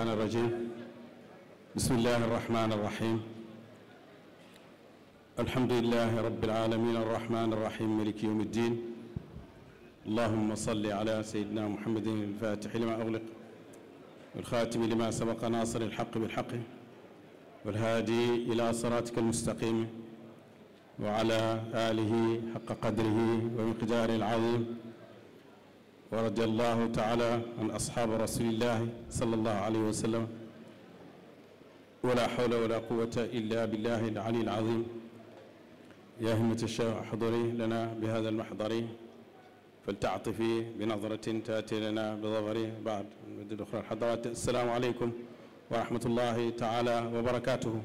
الشيطان الرجيم بسم الله الرحمن الرحيم الحمد لله رب العالمين الرحمن الرحيم ملك يوم الدين اللهم صل على سيدنا محمد الفاتح لما أغلق والخاتم لما سبق ناصر الحق بالحق والهادي إلى صراطك المستقيم وعلى آله حق قدره ومقداره العظيم wa radiallahu taala an asxaaba rasulillahi sallallahu alayhi wa sallam wala xawla wala quwata illa billahi alali alazim ya himmata cheikh axduri lana bi hada almaxdari faltaatifi binadratin taati lana bidafari baad duxra alxadarat assalaamu aleykum wa rahmatullahi taala wa barakatuhu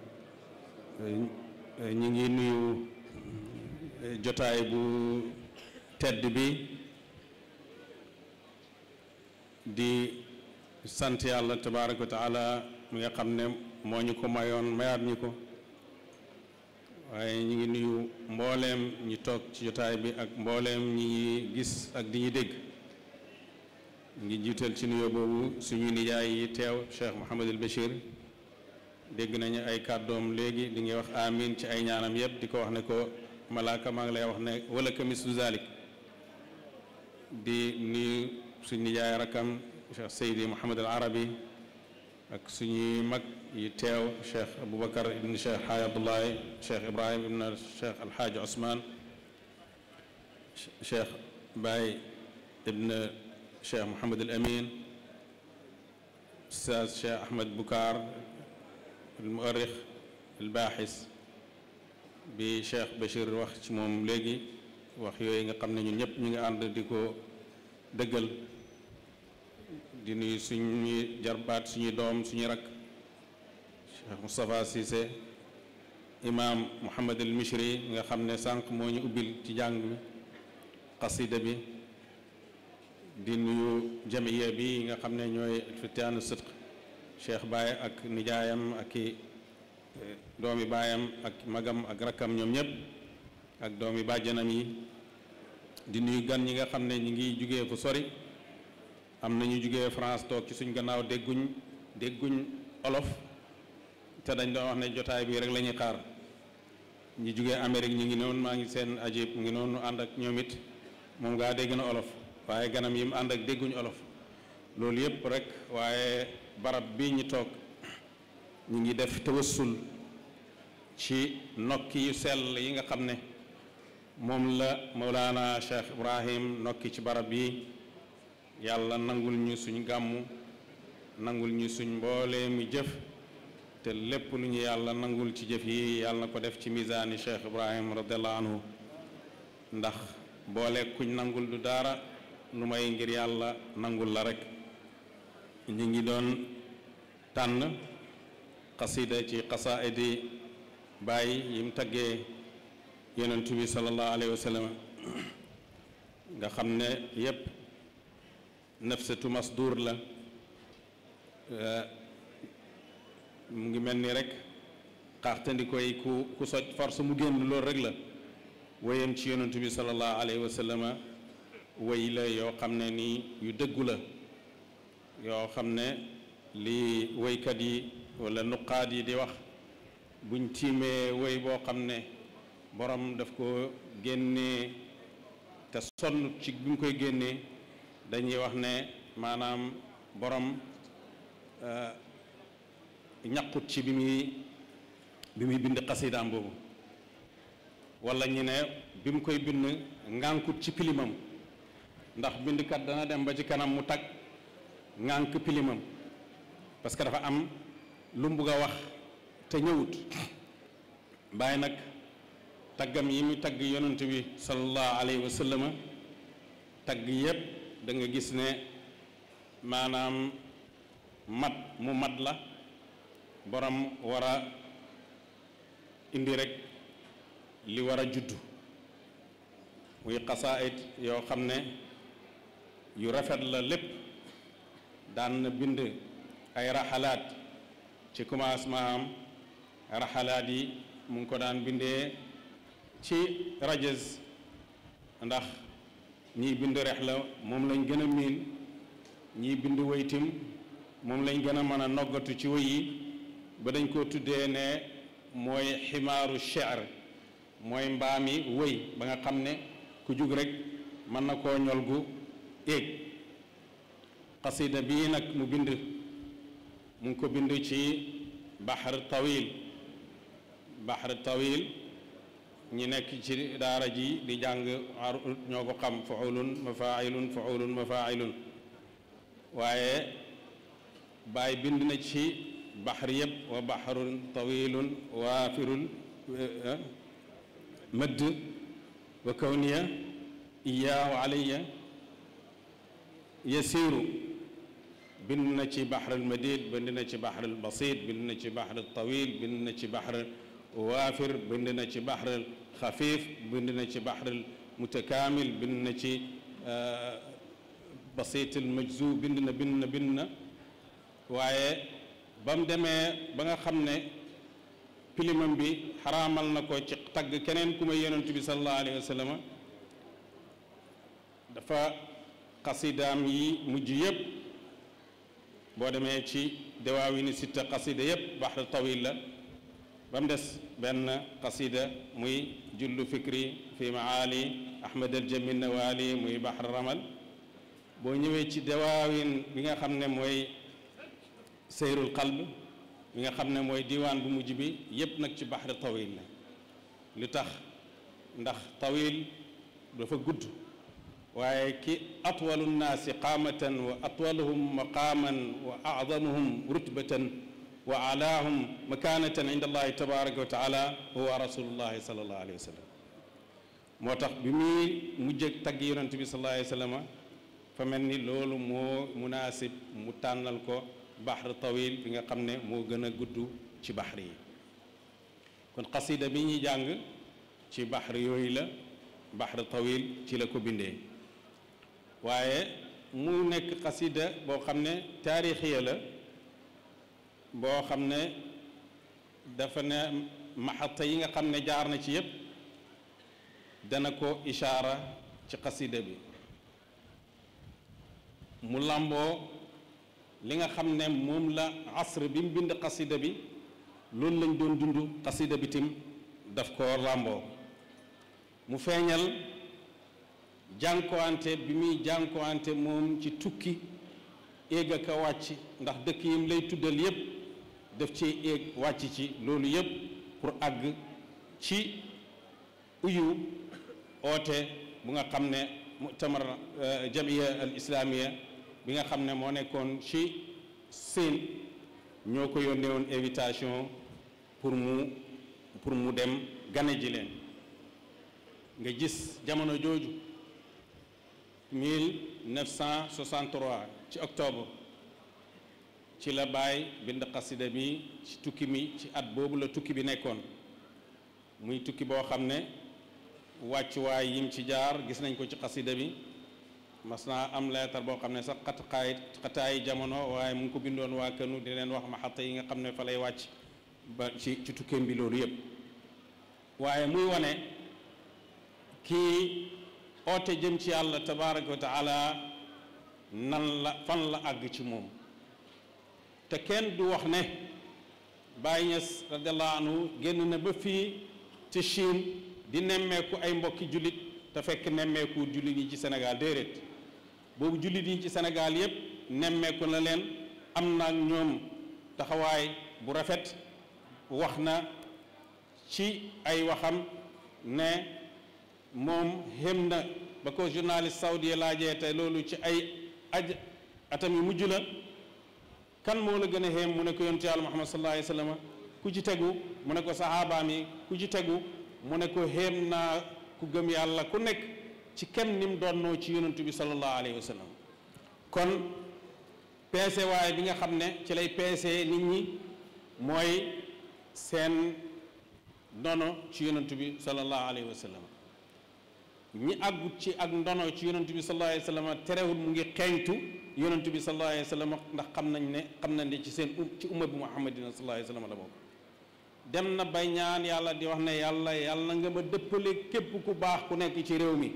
ñu ngi nuyu jotaay bu tedd bi di sant yàlla tabaaraka wa taala mi nga xam ne moo ñu ko mayoon mayaat ñi ko waaye ñu ngi nuyu mbooleem ñi toog ci jotaay bi ak mbooleem ñi gis ak di ñu dégg ngi jiital ci nuyoo boobu suñu nijaay yi teew Cheikh Mouhamadul Bachir dégg nañu ay kàddoom léegi di ngay wax amin ci ay ñaanam yëpp di ko wax ne ko malaaka maa ngi lay wax ne wala kamis du zalik di nuyu suñ nijaay rakkam cheikh seydi mohamad al arabi ak suñuy mag yi teew cheikh aboubacar ibn cheikh xaaj abdoulaye cheikh ibrahim ibn cheikh alxaaji osman cheikh baay ibn cheikh mohamad al amin ustaas cheikh ahmed boucar al muarrix al baaxis bi cheikh bachir wax ci moom léegi wax yooyu nga xam ne ñun ñëpp ñu ngi ànd di ko dëggal di nuyu suñuy jarbaat suñu doom suñuy rakk Cheikh Moustapha Cissé imaam Mouhamad al Mishri nga xam ne sànq moo ñu ubbil ci jàng mi xasida bi di nuyu jamiya bi nga xam ne ñooy fitiyaanu sidq Cheikh Baye ak nijaayam ak i eh, doomi baayam ak magam ak rakkam ñoom ñëpp ak doomi bàjjanam yi di nuyu gan ñi nga xam ne ñi ngi jóge fu sori am na ñu jógee France toog ci suñ gannaaw dégguñ dégguñ olof te dañ doon wax ne jotaay bii rek lañuy ñuy xaar ñu jógee Amérique ñu ngi noonu maa ngi seen ajib ngi noonu ànd ak ñoom it moom ngaa dégg na olof waaye ganam yi mu ànd ak dégguñu olof loolu yëpp rek waaye barab bii ñu toog ñu ngi def tawassul ci nokki yu sell yi nga xam ne moom la Mawlaana Cheikh Ibrahim nokki ci barab yi yàlla nangul ñu suñ gàmmu nangul ñu suñ mboolee mu jëf te lépp lu ñu yàlla nangul ci jëf yi yàlla na ko def ci misaani Cheikh Ibrahim radiallahu anhu ndax boole kuñ nangul du dara nu may ngir yàlla nangul la rek ñu ngi doon tànn xasida ci xasaa xasaidi bàyyi yim taggee yonentu bi sallallahu alayhi nga xam ne yépp nafsatu masdur la mu ngi mel ni rek xaaxtandikoy ku ku soj force mu génn loolu rek la wéyam ci yonentu bi sallallahu alayhi wa sallama la yoo xam ne nii yu dëggu la yoo xam ne li wéykat yi wala nuqaat yi di wax buñ tiimee wéy boo xam ne borom daf ko génnee te sonn ci bi mu koy génnee dañuy wax ne maanaam borom euh, ñaqut ci bi muy bi muy bind xasidaam boobu wala ñu ne bi mu koy bind ngànkut ci pilimam ndax bindkat dana dem ba ci kanam mu tag ngànk pilimam parce que dafa am lu mu bugg a wax te ñëwut bàyyi nag taggam yi muy tagg yonent bi sallallahu alayhi wa sallam tagg yépp danga gis ne maanaam mat mu mat la borom wara a li war a juddu muy xasaayit yoo xam ne yu rafet la lépp daan bind ay raxalaat ci commencement am raxalaat yi mu ngi ko daan bindee ci rajes ndax ñiy bind rex la moom lañ gën a miin ñii bind waytim moom lañ gën a mën a noggatu ci way yi ba dañ koo tuddee ne mooy ximaaru cheer mooy mbaam yi wëy ba nga xam ne ku jug rekk mën na koo ñol gu éeg xasida bii nag mu bind mu ngi ko bind ci baxar tawil baxar tawil ñi nekk ci daara ji di jàng ñoo ko xam faulun mafailun faulun mafailun waaye baay bind na ci baxar yëpp wa baxarun tawilun waafirun eh, eh, mëdd wa kawniya iyaahu alayya yasiiru bind na ci baxar al madid bind na ci baxar al basit bind na ci baxar al tawil bind na ci baxar waafir bind na ci baxrul xafiif bind na ci baxrul mutakaamil bind na ci euh, basiitul majzu bind na bind na bind na waaye ba mu demee ba nga xam ne pilimam bi xaraamal na ko ci tagg keneen ku may yonent bi sallallahu alayhi wa sallam dafa xasidaam yi mujj yëpp boo demee ci dawaawi ni sitta xasida yëpp baxru tawil la ba mu des benn qasida muy jullu fikri fi maali ahmad aljamin nawaali muy bahr ramal boo ñëwee ci dawaawin bi nga xam ne mooy seyrul qalb bi nga xam ne mooy diwaan bu mujj bi yépp nag ci baxri tawil la li tax ndax tawil dafa gudd waaye ki atwalu nnaasi qaamatan wa atwaluhum maqaaman wa acdamuhum rutbatan wa alaahum makaanatan inda allahi tabaraka wa taala huwa rasulullahi salallahu alayhi wa sallam moo tax bi muy mujjëg tagg yonent bi salallahu alayhi wa sallam fa mel ni loolu moo munaasib mu tànnal ko baxr tawil bi nga xam ne moo gën a gudd ci baxr yi kon xasida bi ñuy jàng ci baxr yooyu la baxr tawil ci la ko bindee waaye mu nekk xasida boo xam ne taarixiya la boo xam ne dafa ne maxata yi nga xam ne jaar na ci yépp dana ko ishaara ci xasida bi mu làmboo li nga xam ne moom la asr bi mu bind xasida bi loolu lañ doon dund xasida bi tim daf ko làmboo mu feeñal jànkuwante bi muy jànkuwante moom ci tukki éeg ak a wàcc ndax dëkk yim lay tuddal yépp def cee éeg wàcc ci loolu yëpp pour àgg ci uyu oote bu nga xam ne mutamar euh, jamiya al islamiya bi nga xam ne moo nekkoon ci seen ñoo ko yónnee woon invitation pour mu pour mu dem gane ji leen nga gis jamono jooju 1963 ci octobre ci la baay bind xasida bi ci tukki mi ci at boobu la tukki bi nekkoon muy tukki boo xam ne wàccuwaay yim ci jaar gis nañ ko ci xasida bi mas naa am leetar boo xam ne sax xat xaay xataay jamono waaye mu ngi ko bindoon waa kënu di leen wax ma xatta yi nga xam ne fa lay wàcc ba ci ci tukkeem loolu yépp waaye muy wane ki oote jëm ci yàlla tabarak wa taala nan la fan la àgg ci moom kenn du wax ne Baye Niass radiallahu génn na ba fii ci Chine di nemmeeku ay mbokki jullit te fekk nemmeeku jullit yi ci senegal déedéet boobu jullit yi ci Sénégal yépp nemmeeku na leen am na ak ñoom taxawaay bu rafet wax na ci ay waxam ne moom xém na ba ko journaliste saoudien laajee te loolu ci ay aj atam yu mujj la kan moo la gën a xéem mu ne ko yontu yàlla muhammad sallam ku ci tegu mu ne ko saxaabaam yi ku ci tegu mu ne ko xéem naa ku gëm yàlla ku nekk ci kem ni mu doonnoo ci yonantu bi sallallahu alayhi wa kon peese bi nga xam ne ci lay peese nit ñi mooy seen ndono ci yonantu bi sallallahu alayhi wa sallam ñi àggut ci ak ndono ci yonantu bi sallallahu alayhi wa sallam terewul mu ngi xeeñtu yonent bi sallallahu alayhi wa sallam ndax xam nañ ne xam nañ ne ci seen um, ci umma bi muhammadina sallallahu alayhi wa sallam la bokk dem na bay ñaan yàlla di wax ne yàlla yàlla nga ma dëppale képp ku baax ku nekk ci réew mi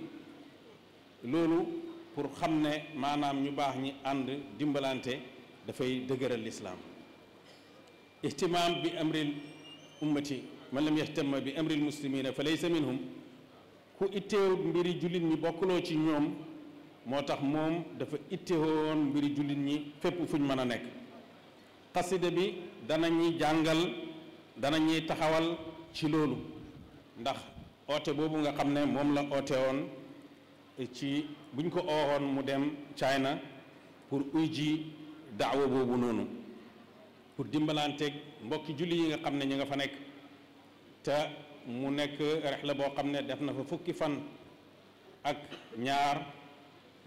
loolu pour xam ne maanaam ñu baax ñi ànd dimbalante dafay dëgëral lislaam ihtimaam bi amril ummati man lam yahtamma bi amril muslimina fa laysa minhum ku itteewut mbiri jullit ñi bokkuloo ci ñoom moo tax moom dafa ittewoon mbiri jullit ñi fépp fuñ mën a nekk xasida bi danañuy jàngal dana danañuy taxawal ci loolu ndax oote boobu nga xam ne moom la oote woon ci buñ ko oowoon mu dem China pour uy ji daawa boobu noonu pour dimbalanteeg mbokki julli yi nga xam ne ñu nga fa nekk te mu nekk rex la boo xam ne def na fa fukki fan ak ñaar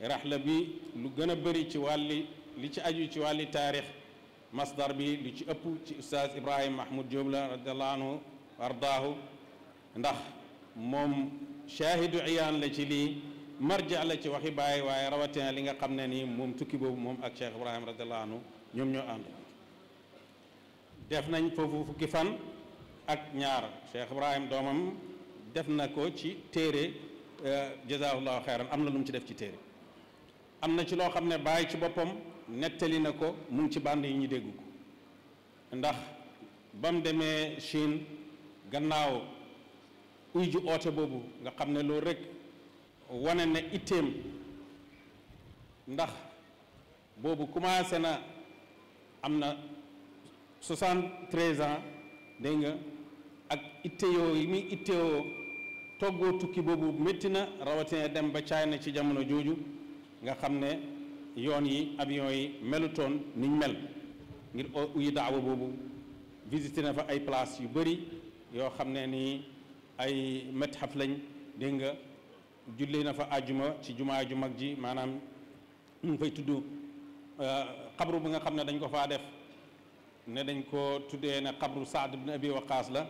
raxla bi lu gën a bëri ci wàlli li ci aju ci wàlli taarix masdar bi lu ci ëpp ci ustaaz Ibrahim Mahmoud Diop la radiallahu anhu ardaahu ndax moom shaahidu iyaan la ci lii marja la ci waxi baay waaye rawatina li nga xam ne nii moom tukki boobu moom ak Cheikh Ibrahim radiallahu ñoom ñoo ànd def nañ foofu fukki fan ak ñaar Cheikh Ibrahim doomam def na ko ci téere eh, jazaahullahu xeyran am na lu ci def ci téere am na ci loo xam ne bàyyi ci boppam nettali na ko mu ci bànd yi ñu dégg ko ndax bam demee Chine gannaaw uy ju oote boobu nga xam ne loolu rek wane na itteem ndax boobu commencé na am na 73 ans dégg nga ak itteyoo yi muy itteyoo toggoo tukki boobu métti na rawatina dem ba caay na ci jamono jooju nga xam ne yoon yi avion yi melutoon niñ mel ngir uyu daawa boobu visité na fa ay place yu bëri yoo xam ne ni ay metxaf lañ dégg nga julli na fa ajuma ci jumaa ju mag ji maanaam ñu fay tudd euh, xabru bu nga xam ne dañ ko faa def ne dañ ko tuddee ne xabru saad bin abi waqaas la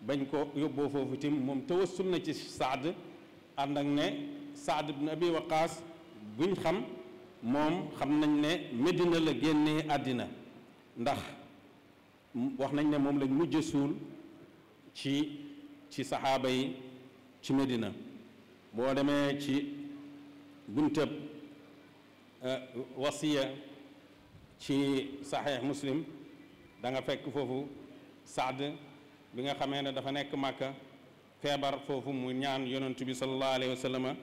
bañ ko yóbboo foofu tim moom tawassul na ci saad ànd ak ne saad bin abi waqaas buñ xam moom xam nañ ne Medina la génnee àddina ndax wax nañ ne moom lañ mujj suul ci ci saxaaba yi ci Medina boo demee ci buntëb eh, wasiya ci saxiix muslim da nga fekk foofu Saad bi nga xamee ne dafa nekk Màkka feebar foofu mu ñaan yonentu bi sallallahu alayhi wa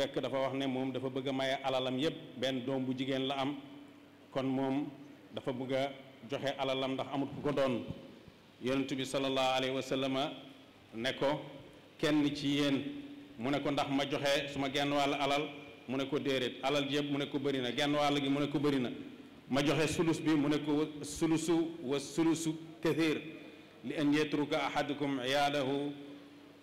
fekk dafa wax ne moom dafa bëgg a maye alalam yépp benn doom bu jigéen la am kon moom dafa bëgg a joxe alalam ndax amut ku ko doon yonent bi sallallahu alayhi ne ko kenn ci yéen mu ne ko ndax ma joxe suma genn wàll alal mu ne ko déedéet alal yépp mu ne ko bari na genn wàll gi mu ne ko bari na ma joxe sulus bi mu ne ko sulusu wa sulusu kathir li an yatruka ahadukum iyaadahu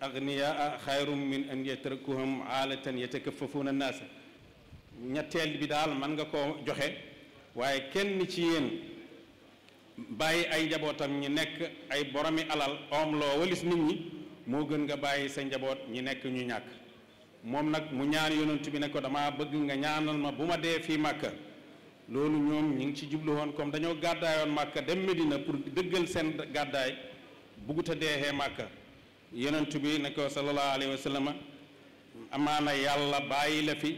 agniyaa xayrum min an yatrukuhum aalatan yatakaffafuuna annaasa ñetteel bi daal mën nga koo joxe waaye kenn ci yéen bàyyi ay njabootam ñi nekk ay boromi alal oom loo walis nit ñi moo gën nga bàyyi sa njaboot ñi nekk ñu ñàkk moom nag mu ñaan yonent bi ne ko dama bëgg nga ñaanal ma bu ma dee fii màkka loolu ñoom ñi ngi ci jubluwoon woon comme dañoo gàddaayoon màkka dem Medina pour dëggal seen gàddaay bugguta deexee màkka yonent bi ne ko sallallahu alayhi wa amaana yàlla bàyyi la fi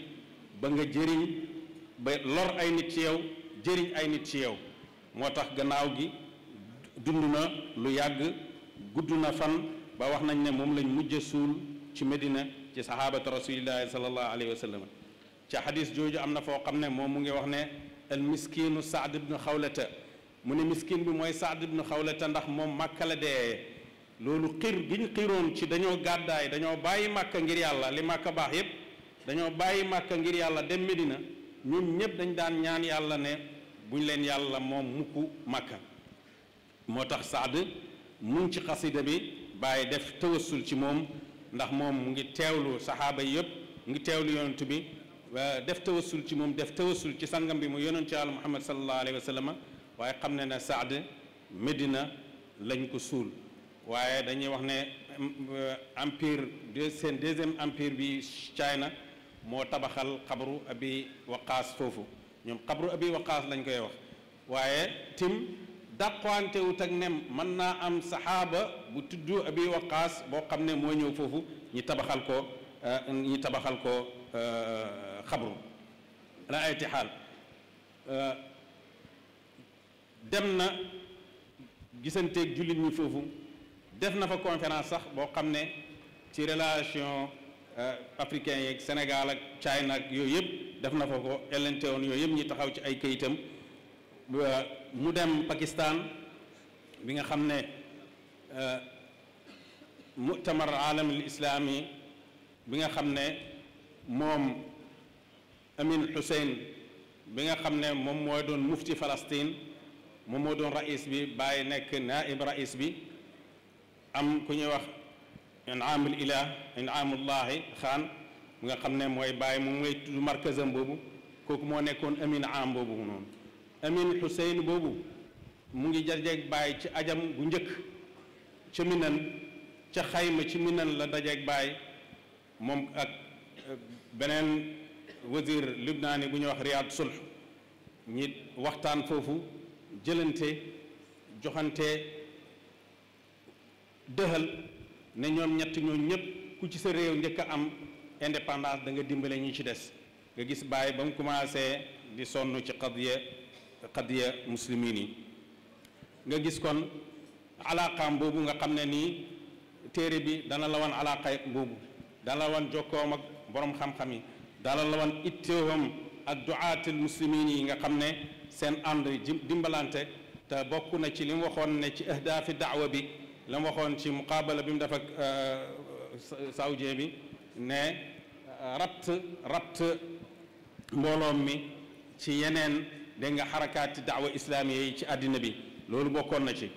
ba nga jëriñ ba lor ay nit ci yow jëriñ ay nit ci yow moo tax gannaaw gi dund na lu yàgg gudd na fan ba wax nañ ne moom lañ mujj a suul ci Medina ci sahabatu rasulillahi sallallahu alayhi wa sallam ci xadis jooju am na foo xam ne moom mu ngi wax ne al miskinu bi ibnu xawlata mu ne miskin bi mooy saad ibnu xawlata ndax moom màkka la dee loolu xir gi ñu xiroon ci dañoo gàddaay dañoo bàyyi màkk ngir yàlla li màkka baax yépp dañoo bàyyi màkk ngir yàlla dem Medina ñoom ñépp dañ daan ñaan yàlla ne buñ leen yàlla moom mukk màkk moo tax Saad mu ci xasida bi bàyyi def tawassul ci moom ndax moom mu ngi teewlu saxaaba yi yépp mu ngi teewlu yonent bi def tawasul ci moom def tawasul ci sangam bi mu yonent yàlla Muhammad sallallahu alayhi wa waaye xam ne ne Saad Medina lañ ko suul waaye dañuy wax ne mm, euh, empire de seen deuxième empire bi China moo tabaxal xabru abi waqaas foofu ñoom xabru abi waqaas lañ koy wax waaye tim dàqwantewut ak nem mën naa am saxaaba bu tudd abi waqaas boo xam ne moo ñëw foofu ñu tabaxal ko ñi tabaxal ko euh, euh, xabru la ay tixaal dem na gisanteeg jullit ñi foofu def na fa conférence sax boo xam ne ci relation euh, africain yeeg Sénégal ak Chine yooyu yëpp def na fa ko elente woon yooyu yëpp ñi taxaw ci ay kayitam euh, mu dem pakistaan bi nga xam ne euh, mutamar alamil islami bi nga xam ne moom Amin Hussein bi nga xam ne moom mooy doon mufti Palestine moom moo doon rais bi bàyyi nekk naib rais bi am ku ñuy wax inaamul ilah inaamullahi xaan bu nga xam ne mooy bàyyi moom mooy tudd markazam boobu kooku moo nekkoon amin am boobu noonu amin Xuseyn boobu mu ngi dajeeg bàyyi ci ajam bu njëkk ca minan ca xayma ci minan la dajeeg bàyyi moom ak beneen wazir libnaani bu ñuy wax Riyaad Sulh ñi waxtaan foofu jëlante joxante dëxal ne ñoom ñetti ñooñu ñëpp ku ci sa réew njëkk a am indépendance da nga dimbale ñi ci des nga gis bàyyi ba mu commencé di sonn ci xadiya xadiya muslimin yi nga gis kon alaaqaam boobu nga xam ne nii téere bi dana la wan alaaqaay boobu dana la wan jokkoom ak boroom xam-xam yi dana la wan itteewam ak duaatil muslimin yi nga xam ne seen ànd dimbalante te bokk na ci li mu waxoon ne ci ahdaafi daawa bi la mu waxoon ci muqaabala bi mu def ak euh, euh, bi ne euh, rabt rabt mbooloom mi ci yeneen dégg nga xarakaati daawa islaamiya yi ci àddina bi loolu bokkoon na ci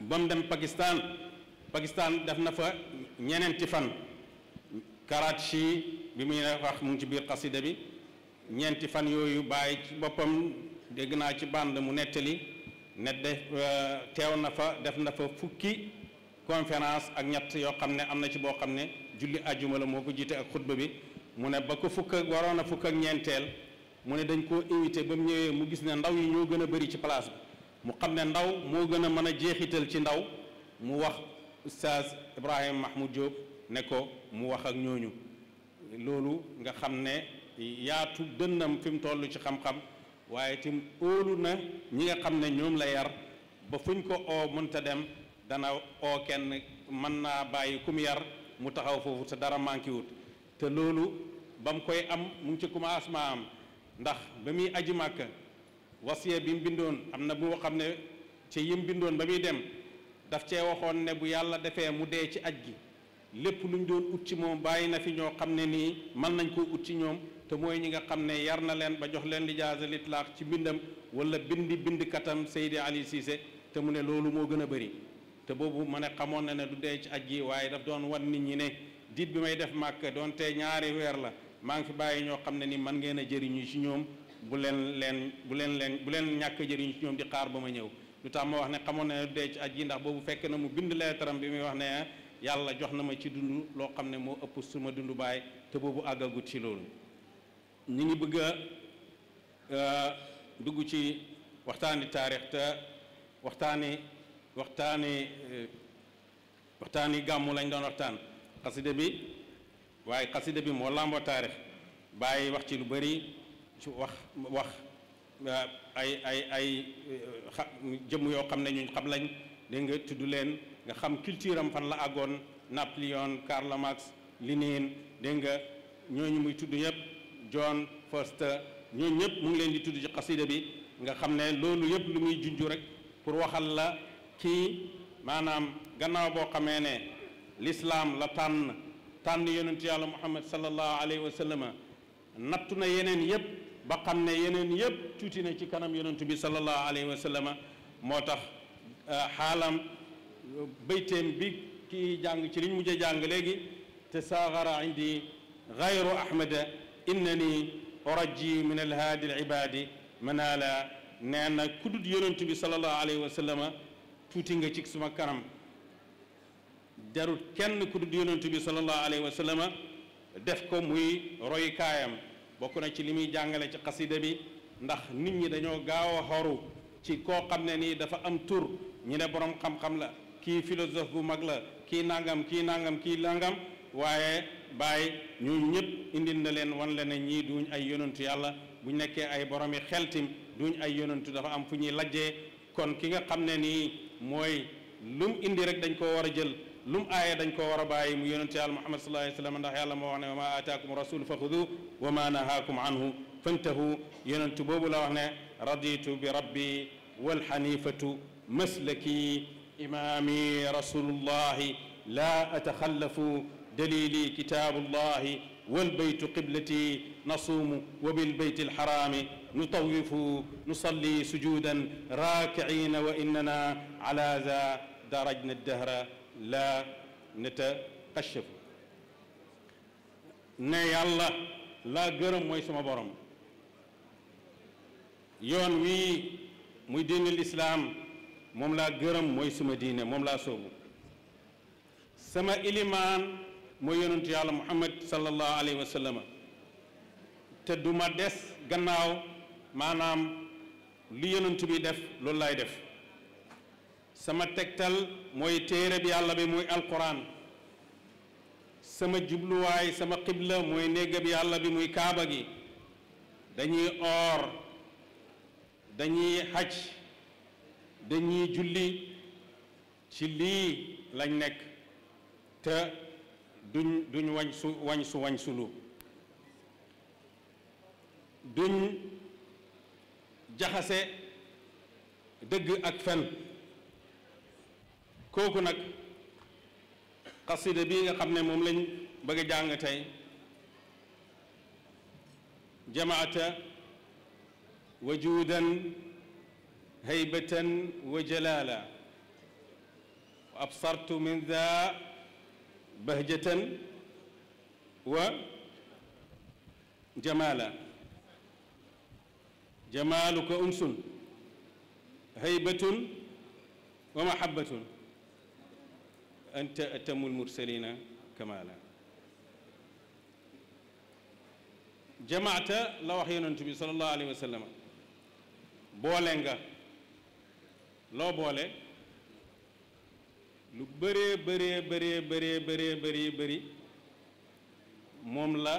ba dem Pakistan Pakistan def na fa ñeneenti fan Karachi bi muy wax mu ngi ci biir xasida bi ñeenti fan yooyu bàyyi ci boppam dégg naa ci bande mu nettali ne def euh, teew na fa def na fa fukki conférence ak ñett yoo xam ne am na ci boo xam ne julli ajjuma la moo ko jiite ak xutba bi mu ne ba ko fukk ak waroon a fukk ak ñeenteel mu ne dañ koo invité ba mu ñëwee mu gis ne ndaw yi ñoo gën a bëri ci place bi mu xam ne ndaw moo gën a mën a jeexital ci ndaw mu wax oustaz Ibrahima Mahmoud Diop ne ko mu wax ak ñooñu loolu nga xam ne yaatu dënnam fi mu toll ci xam-xam waaye tim óolu na ñi nga xam ne ñoom la yar ba fuñ ko oo mënta dem dana oo kenn mën naa bàyyi kum yar mu taxaw foofu te dara manqué wut te loolu ba mu koy am mu ngi ci commencement am ndax ba muy aji màkka wasiya bi mu bindoon am na boo xam ne ci yim bindoon ba muy dem daf cee waxoon ne bu yàlla defee mu dee ci aj gi lépp lu ñu doon ut ci moom bàyyi na fi ñoo xam ne nii mën nañ koo ut ci ñoom te mooy ñi nga xam ne yar na leen ba jox leen lijaasa litlaax ci mbindam wala bindi bindkatam Seydi Ali Cissé te mu ne loolu moo gën a bëri te boobu ma ne xamoon na ne du dee ci aj gi waaye daf doon wan nit ñi ne diit bi may def màkk doonte ñaari weer la maa ngi fi ñoo xam ne ni man ngeen a jëriñu ci ñoom bu leen leen bu leen leen bu leen ñàkk jëriñu ñoom di xaar ba ma ñëw lu tax ma wax ne xamoon na ne du dee ci ndax boobu fekk na mu bind leetaram bi muy wax ne yàlla jox na ma ci dund loo xam ne moo ëpp suma dund baay te boobu àggagut ci loolu ñu ngi bëgg a euh, dugg ci waxtaani taarix te waxtaani waxtaani euh, waxtaani gàmmu lañ doon waxtaan xasida bi waaye xasida bi moo làmboo taarix bàyyi wax ci lu bari ci wax wax euh, ay ay ay xa jëmm yoo xam ne ñu xam lañ dégg nga tudd leen nga xam culture am fan la àggoon Napoléon Karl Marx Lénine dégg nga ñooñu muy tudd yëpp John Foster ñooñu ñëpp mu ngi leen di tudd ci xasida bi nga xam ne loolu yëpp lu muy junju rek pour waxal la kii maanaam gannaaw boo xamee ne lislaam la tànn tànn yonentu yàlla muhammad sallallahu alayhi wa sallam nattu na yeneen yëpp ba xam ne yeneen yëpp tuuti na ci kanam yonentu bi sallallahu alayhi wa sallam moo tax euh, xaalam bayteem bi ki jàng ci liñ mujj a jàng léegi te saaxara indi gayru ni innani oraji min alhaadi alibadi manaala nee na kudut yonent bi salallahu alayhi wa tuuti nga ci suma kanam jarut kenn kudut yonent bi salallahu alayhi wa sallama def ko muy roy bokk na ci li muy jàngale ci xasida bi ndax nit ñi dañoo gaaw a xoru ci koo xam ne nii dafa am tur ñi ne boroom xam-xam la kii philosophe bu mag la kii nangam kii nangam kii nangam waaye bàyyi ñooñu ñëpp indil na leen wan la ne ñii duñ ay yonantu yàlla bu nekkee ay boromi xeltim duñ ay yonantu dafa am fu ñuy lajjee kon ki nga xam ne nii mooy lum indi rek dañ koo war a jël lum aaya dañ ko war a bàyyi mu yonantu yàlla muhammad sallallahu alayhi wa ndax yàlla moo wax ne wa ma aataakum rasul fa xudu wa ma nahaakum anhu fantahu yonantu boobu la wax ne raditu bi rabbi walxanifatu maslaki imaami rasulullahi la ataxallafu دليلي كتاب الله والبيت قبلتي نصوم وبالبيت الحرام نطوف نصلي سجودا راكعين وإننا على ذا درجنا الدهر لا نتقشف ne yàlla laa gërëm mooy sama borom yoon wii muy diinul islaam moom laa gërëm mooy sama diine moom laa soobu sama ilimaan mooy yonentu yàlla muhammad sallallahu alayhi wa sallam te du ma des gannaaw maanaam li yënantu bi def loolu laay def sama tegtal mooy téere bi yàlla bi muy alquran sama jubluwaay sama xibla mooy néeg bi yàlla bi muy kaaba gi dañuy oor dañuy xaj dañuy julli ci lii lañ nekk te duñ duñ wañ su wañ su wañ sulu duñ jaxase dëgg ak fen kooku nag xasida bii nga xam ne moom lañ bëgg a jàng tey jamaata wajudan haybatan wa jalala wa absartu min daa bahjatan wa jamaala jamaaluka unsun haybatun wa mahabbatun anta atamu almursalina kamaala jamaata la wax yonent bi sallallahu alayhi wa sallam boole nga loo boole lu bëree bëree bëree bëree bëree bëri moom la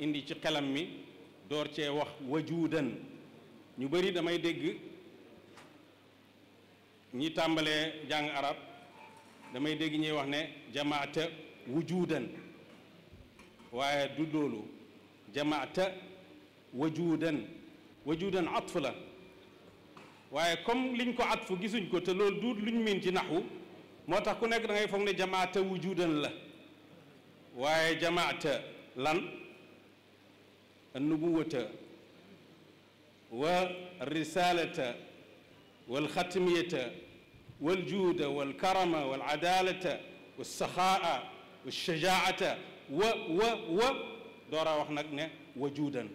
indi ci xelam mi door cee wax wajuudan ñu bëri damay dégg ñi tàmbalee jàng arab damay dégg ñuy wax ne jamaata wujuudan waaye du loolu jamaata wajuudan wajuudan atf la waaye comme liñ ko atfu gisuñ ko te loolu duut luñ miin ci naxwu moo tax ku nekk da ngay foog ne jamaata wujudan la waaye jamaata lan annubuwata wa risalata wal xatmiyata wal juuda wal karama wal adalata wa saxaa wa shajaata wa wa wa doora wax nag ne wajuudan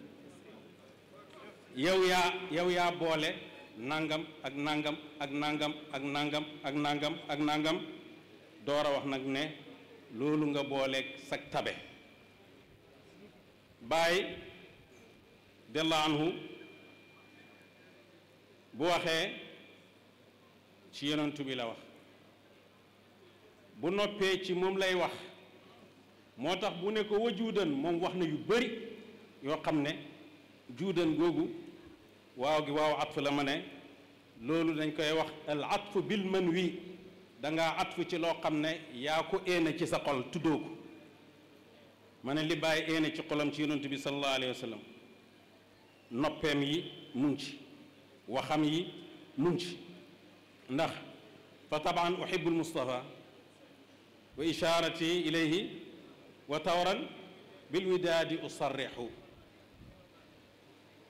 yow yaa boole nangam ak nangam ak nangam ak nangam ak nangam ak nangam door a wax nag ne loolu nga booleek sag tabe Baay dellaa bu waxee ci yenantu bi la wax bu noppee ci moom lay wax moo tax bu ne ko wajuudan moom wax na yu bari yoo xam ne juudan googu waaw gi waaw atf la ma loolu dañ koy wax al atf bil man wi danga atf ci loo xam ne yaa ko éene ci sa xol tuddoo ko ma ne li bàyyi éene ci xolam ci yonent bi sallallahu alayhi wa sallam noppeem yi mu ngi ci waxam yi mu ci ndax fa taban uhibbu al mustafa wa isharati ilayhi wa tawran bil widaadi usarrixu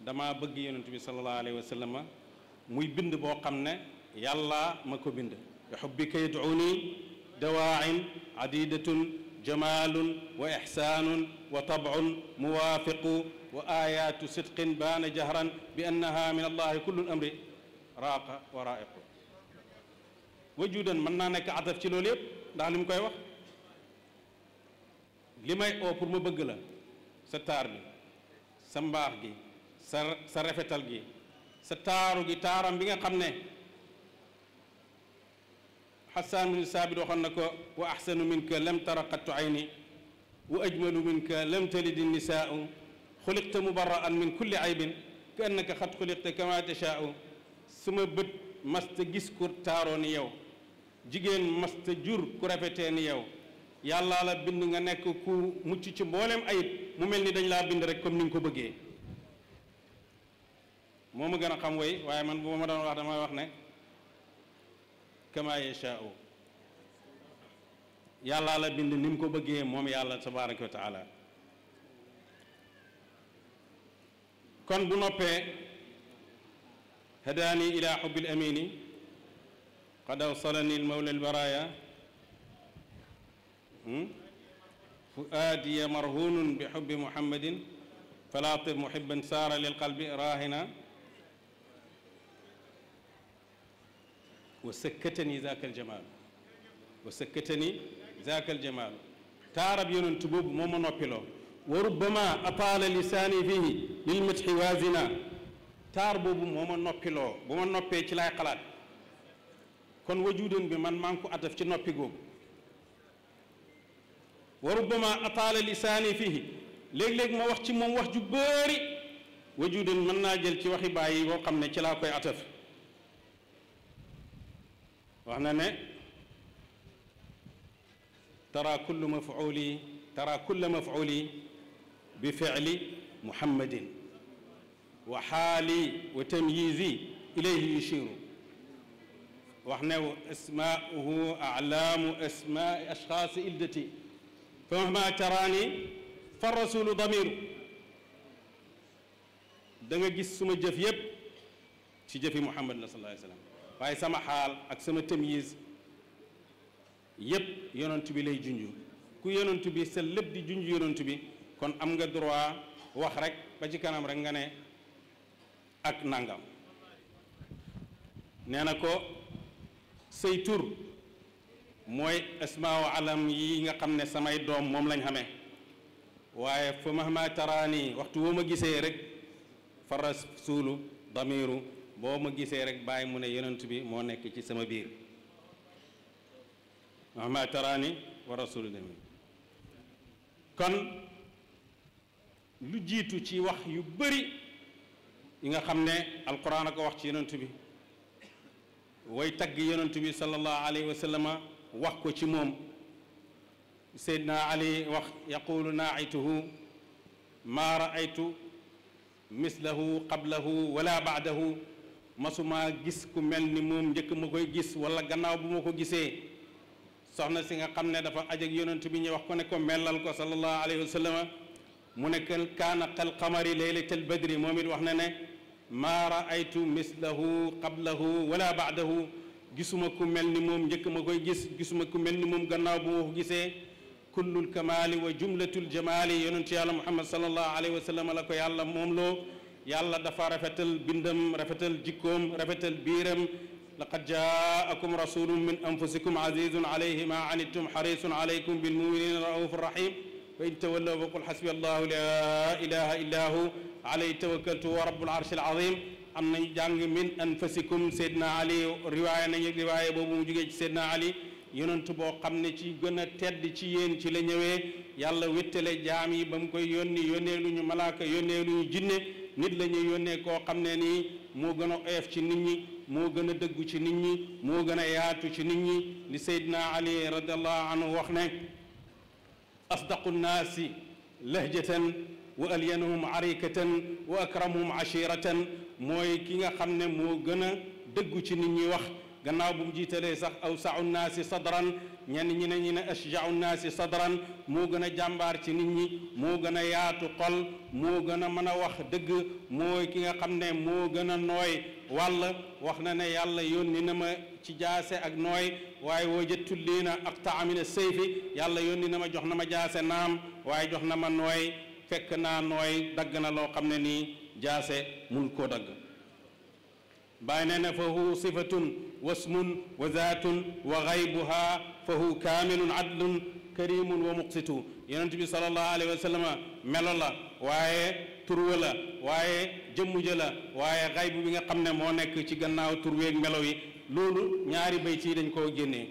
dama bëgg yonent bi sallallahu alayhi wa sallam muy bind boo xam ne yàlla ma ko bind bi xubbika yadcuuni dawaacin adidatun jamaalun wa ixsaanun wa tabcun muwaafiqu wa aayaatu sidqin baana jahran bi annaha min allahi kullu amri raaqa wa raaiqu wajudan mën naa nekk ataf ci loolu yëpp ndax li mu koy wax li may oo pour ma bëgg la sa taar bi sa mbaax gi sa sa rafetal gi sa taaru gi taaram bi nga xam ne xasaan bin saabit waxoon na ko wa axsanu minka lam tara qattu ayni wa ajmalu minka lam talidi nisaau xuliqta mubaraan min kulli aybin ka annaka xat xuliqta kama tashaau suma bët mast gis ku taaroo ni yow jigéen mast jur ku rafetee ni yow yàllaa la bind nga nekk ku mucc ci mboolem ayib mu mel ni dañ laa bind rek comme ni nga ko bëggee moo ma gën a xam way waaye man bu ma doon wax damay wax ne kama yashaa'u yàlla la bind ni mu ko bëggee moom yàlla tabaraka wa taala kon bu noppee hadaani ila xubbil amini qad awsalani al mawla al baraya hmm? fuaadiya marhunun bi xubbi muhammadin falaatib muhibban saara lil qalbi raahina wa sëkkatani zaakal jamaalu wa sëkkatani zaakal jamaalu taarab boobu moo ma noppiloo wa rubbama ataala lisaani fihi lil madhi waazina taar boobu moo ma noppiloo bu ma noppee ci laay xalaat kon wajuudan bi man maa ko ataf ci noppi googu wa rubbama ataala lisaani fihi léeg-léeg ma wax ci moom wax ju bëri wajuudan mën naa jël ci waxi bàyyi boo xam ne ci laa koy ataf wax na ne tara kullu mafuuli tara kulla mafuuli bi fiili muhammadin wa xaali wa tamyizi ilayhi yushiru wax ne asmauhu alaamu asmaai ashxaasi ildati fa mahma taraani fa rasulu damiru da nga gis suma jëf yépp ci jëfi muhammad la sallallahu alayhi wa sallam waaye sama xaal ak sama tamiis yépp yonent bi lay junj ku yonent bi sa lépp di junj yonent bi kon am nga droit wax rek ba ci kanam rek nga ne ak nangam nee na ko say tur mooy asmaaw alam yi nga xam ne samay doom moom lañ xamee waaye fa mahma taraani waxtu woo ma gisee rek fa rasuulu damiru boo ma gisee rek bàyyi mu ne yonent bi moo nekk ci sama biir Muhammad taraani wa rasulullah kon lu jiitu ci wax yu bari yi nga xam ne alquran a ko wax ci yonent bi way tagg yonent bi sallallahu alayhi wax ko ci moom seydna ali wax yaqulu naaituhu ma raaytu mislahu qablahu wala baadahu masuma gis ku mel ni moom njëkk ma koy gis wala gannaaw bu ma ko gisee soxna si nga xam ne dafa aj ak bi ñu wax ko ne ko melal ko sallallahu mu ne kaana qal qamari laylatal wax na ne maa raaytu mislahu qablahu wala gisuma ku mel ni moom njëkk ma koy gis gisuma ku mel ni moom gannaaw bu ma ko gisee kullul kamaali wa jumlatul jamaali yonentu yàlla muhammad sallallahu alayhi wa sallam la ko yàlla moom loo yàlla dafa rafetal bindam rafetal jikkoom rafetal biiram laqad jaakum rasulun min anfusikum azizun alayhi ma anittum xarisun alaykum bilmuminina raufun rahim fa in tawallaw faqul xasbi allahu la ilaha illa hu alayhi tawakkaltu wa rabbul arshil azim am nañ jàng min anfusikum seydna ali riwaaya nañu riwaaya boobu mu jógee ci seydna ali yonentu boo xam ne ci gën a tedd ci yéen ci la ñëwee yàlla wéttale jaam yi ba mu koy yónni yónneeluñu malaaka yónneeluñu jinne nit la yónnee koo xam ne nii moo gën a oyof ci nit ñi moo gën a dëggu ci nit ñi moo gën a yaatu ci nit ñi li Seydina Ali radiallahu anhu wax ne asdaqu nnaasi lahjatan wa alyanuhum arikatan wa akramuhum ashiratan mooy ki nga xam ne moo gën a dëggu ci nit ñi wax gannaaw bu mu jiitalee sax aw sa'u naasi sadran ñenn ñi ne ñi ne ashja'u naasi sadran moo gën a jàmbaar ci nit ñi moo gën a yaatu xol moo gën a mën a wax dëgg mooy ki nga xam ne moo gën a nooy wall wax na ne yàlla yónni na ma ci jaase ak nooy waaye woo jëttul na ak taamina sayfi yàlla yónni na ma jox na ma jaase naam waaye jox na ma nooy fekk naa nooy dagg na loo xam ne nii jaase mun koo dagg bàyyi ne fa hu sifatun wasmun wa zaatun wa xaybuha fa hu kaamilun adlun karimun wa muqsitu yonent bi sallallahu alayhi wa sallama melo la waaye turwa la waaye jëmm ja la waaye xaybu bi nga xam ne moo nekk ci gannaaw turweeg melo yi loolu ñaari bayt yi dañ ko génnee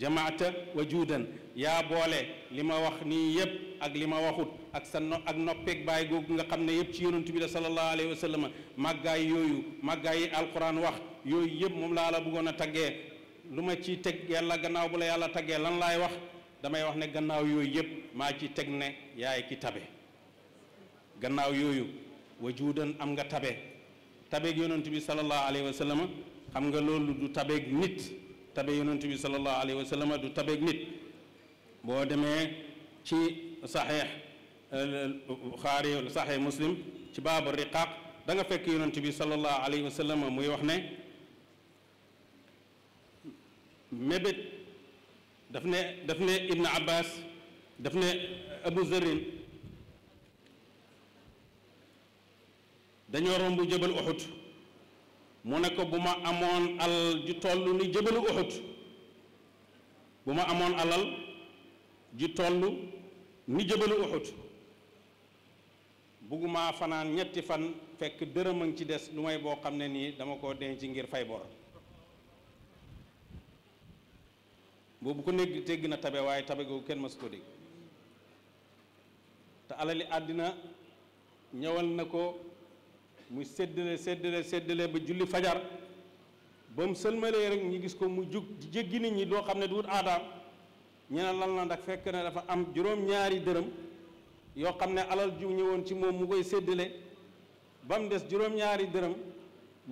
jamaata wa juudan yaa boole li ma wax nii yépp ak li ma waxut ak sa no ak noppeeg bàyyi googu nga xam ne yépp ci yonent bi la sallallahu alayhi wa sallama màggaay yooyu màggaay yi alquran wax yooyu yëpp moom laa la bëggoon a taggee lu ma ciy teg yàlla gannaaw bu la yàlla taggee lan laay wax damay wax ne gannaaw yooyu yëpp maa ci teg ne yaay ki tabe gannaaw yooyu wajuudan am nga tabe tabeeg yonent bi sallallahu alayhi wa sallam xam nga loolu du tabeeg nit tabe yonent bi sallallahu alayhi wa sallam du tabeeg nit boo demee ci saxiix euh, xaari saxiix muslim ci baabu riqaaq da nga fekk yonent bi sallallahu alayhi wa sallam muy wax ne mébét daf ne daf ne Ibn Abbas daf ne Abu Zarin dañoo romb jëbal Uhud mu ne ko bu ma amoon alal ju toll ni jëbalu Uhud bu ma amoon alal ju toll ni jëbalu Uhud bugguma fanaan ñetti fan fekk dërëm a ngi ci des lu may boo xam ne nii dama ko denc ngir fay bor boobu ko négg tegg na tabe waaye tabe googu kenn su ko dégg te yi àddina ñëwal na ko mu séddale séddale seddale ba julli fajar ba mu sëlmalee rek ñu gis ko mu jug jéggi nit ñi doo xam ne du wut aadaam ñu ne lan ndax fekk na dafa am juróom-ñaari dërëm yoo xam ne alal ju ñëwoon ci moom mu koy seddale ba mu des juróom-ñaari dërëm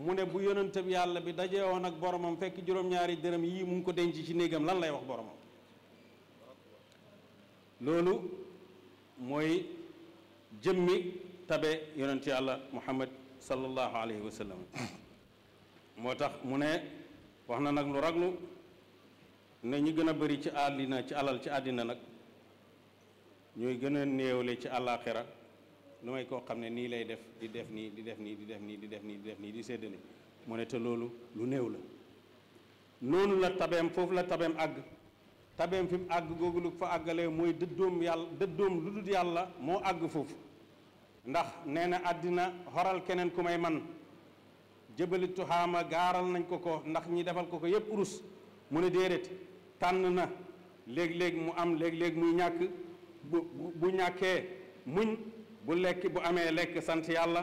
mu ne bu yonente bi yàlla bi dajee woon ak boromam fekk juróom-ñaari dërëm yii mu ngi ko denc ci néegam lan lay wax boromam loolu mooy jëmmi tabe yonent yàlla muhammad sallallahu alayhi wa sallam moo tax mu ne wax na nag lu raglu ne ñi gën a bëri ci àddina ci alal ci àddina nag ñooy gën a néewle ci àllaaxira lu may koo xam ne nii lay def di def nii di def nii di def nii di def nii di def nii di séddale mu ne te loolu lu néew la noonu la tabeem foofu la tabeem àgg tabeem fi mu àgg googu lu fa àggalee mooy dëddoom yàlla dëddoom lu dul yàlla moo àgg foofu ndax nee na àddina xoral keneen ku may man jëbali tuxaama gaaral nañ ko ko ndax ñi defal ko ko yépp urus mu ne déedéet tànn na léeg-léeg mu am léeg-léeg muy ñàkk bu bu ñàkkee muñ bu lekk bu amee lekk sant yàlla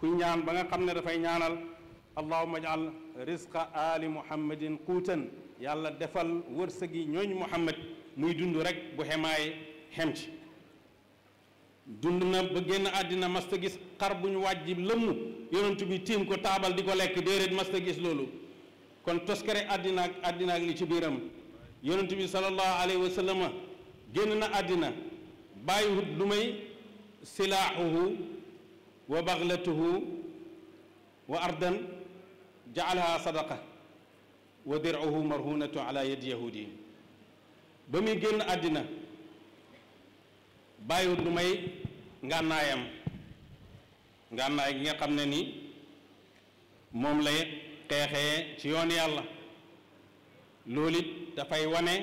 ku ñaan ba nga xam ne dafay ñaanal allahuma jaal risqa ali muhammadin quutan yàlla defal wërsëgi ñooñ muhammad muy dund rek bu xemaay xem ci dund na ba génn àddina masta gis xar bu ñu wàjji lëmm yonent bi tiim ko taabal di ko lekk déedéet masta gis loolu kon toskare àddina ak li ci biiram yonent bi sallallahu alayhi génn na àddina bàyyiwut lu may silaaxuhu wa baxlatuhu wa ardan jaalaha sadaqa wa dircuhu marhunatu ala yadi yahudi ba muy génn àddina bàyyiwut lu may ngànnaayam ngànnaay nga xam ne ni moom lay xeexee ci yoon yàlla loolu it dafay wane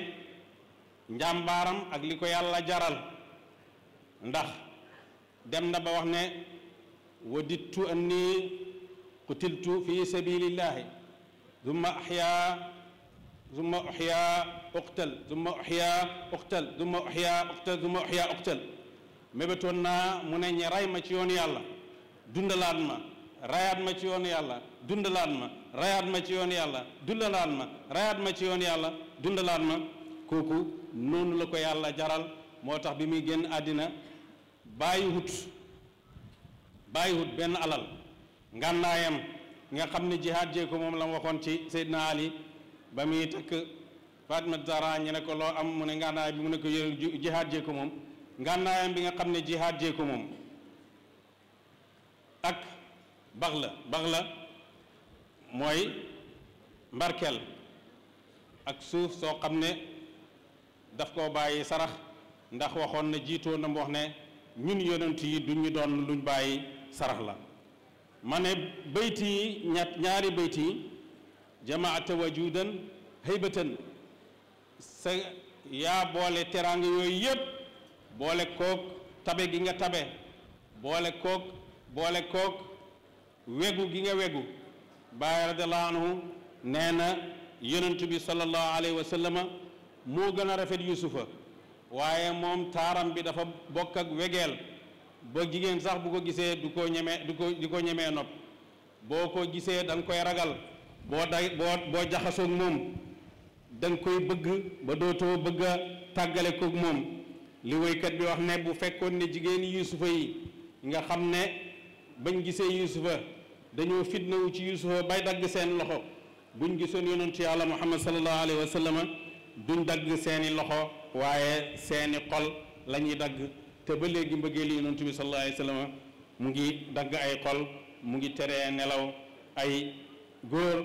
njàmbaaram ak li ko yàlla jaral ndax dem na ba wax ne wadittu anni qutiltu fi sabilillahi summa axyaa summa axyaa uqtal summa axyaa uqtal summa naa mu ne ñi ray ma ci yoon yàlla dundalaat ma rayaat ma ci yoon yàlla dundalaat ma rayaat ma ci yoon yàlla dundalaat ma rayaat ma ci yoonu yàlla dundalaat ma kooku noonu la ko yàlla jaral moo tax bi muy génn àddina bàyyiwut bàyyiwut benn alal ngànnaayam nga xam ne jihaad jee ko moom la waxoon ci Seydina Ali ba muy takk Fatima Zahra ñu ne ko loo am mu ne ngànnaay bi mu ne ko jihaad jee ko moom ngànnaayam bi nga xam ne jihaad jee ko moom ak bax la bax la mooy mbarkel ak suuf soo xam ne daf koo bàyyi sarax ndax waxoon na jiitoo na mu ne ñun yonent yi du ñu doon luñ bàyyi sarax la ma ne bayt yi ñett ñaari bayt yi jamaata wajudan haybatan sa yaa boole teraanga yooyu yépp boole kook tabe gi nga tabe boole kook boole kook wegu gi nga wegu Baay radiyallahu nee na yonent bi sallallahu alayhi wa sallama moo gën a rafet yusufa waaye moom taaram bi dafa bokk ak wegeel ba jigéen sax bu ko gisee du ko ñemee du ko du ko ñemee nopp boo ko gisee danga koy ragal boo day boo boo jaxasoog moom da koy bëgg ba dootoo bëgg tàggale koog moom li woykat bi wax ne bu fekkoon ne jigéen yuusufa yi nga xam ne bañ gisee yuusufa dañoo fitnawu ci yuusufa bay dagg seen loxo buñ gisoon yonentu yàlla muhammad sallallahu alayhi wa sallam duñ dagg seeni loxo waaye seeni xol la ñuy dagg te ba léegi mbëggeel yi yonent bi sallallahu alayhi mu ngi dagg ay xol mu ngi tere nelaw ay góor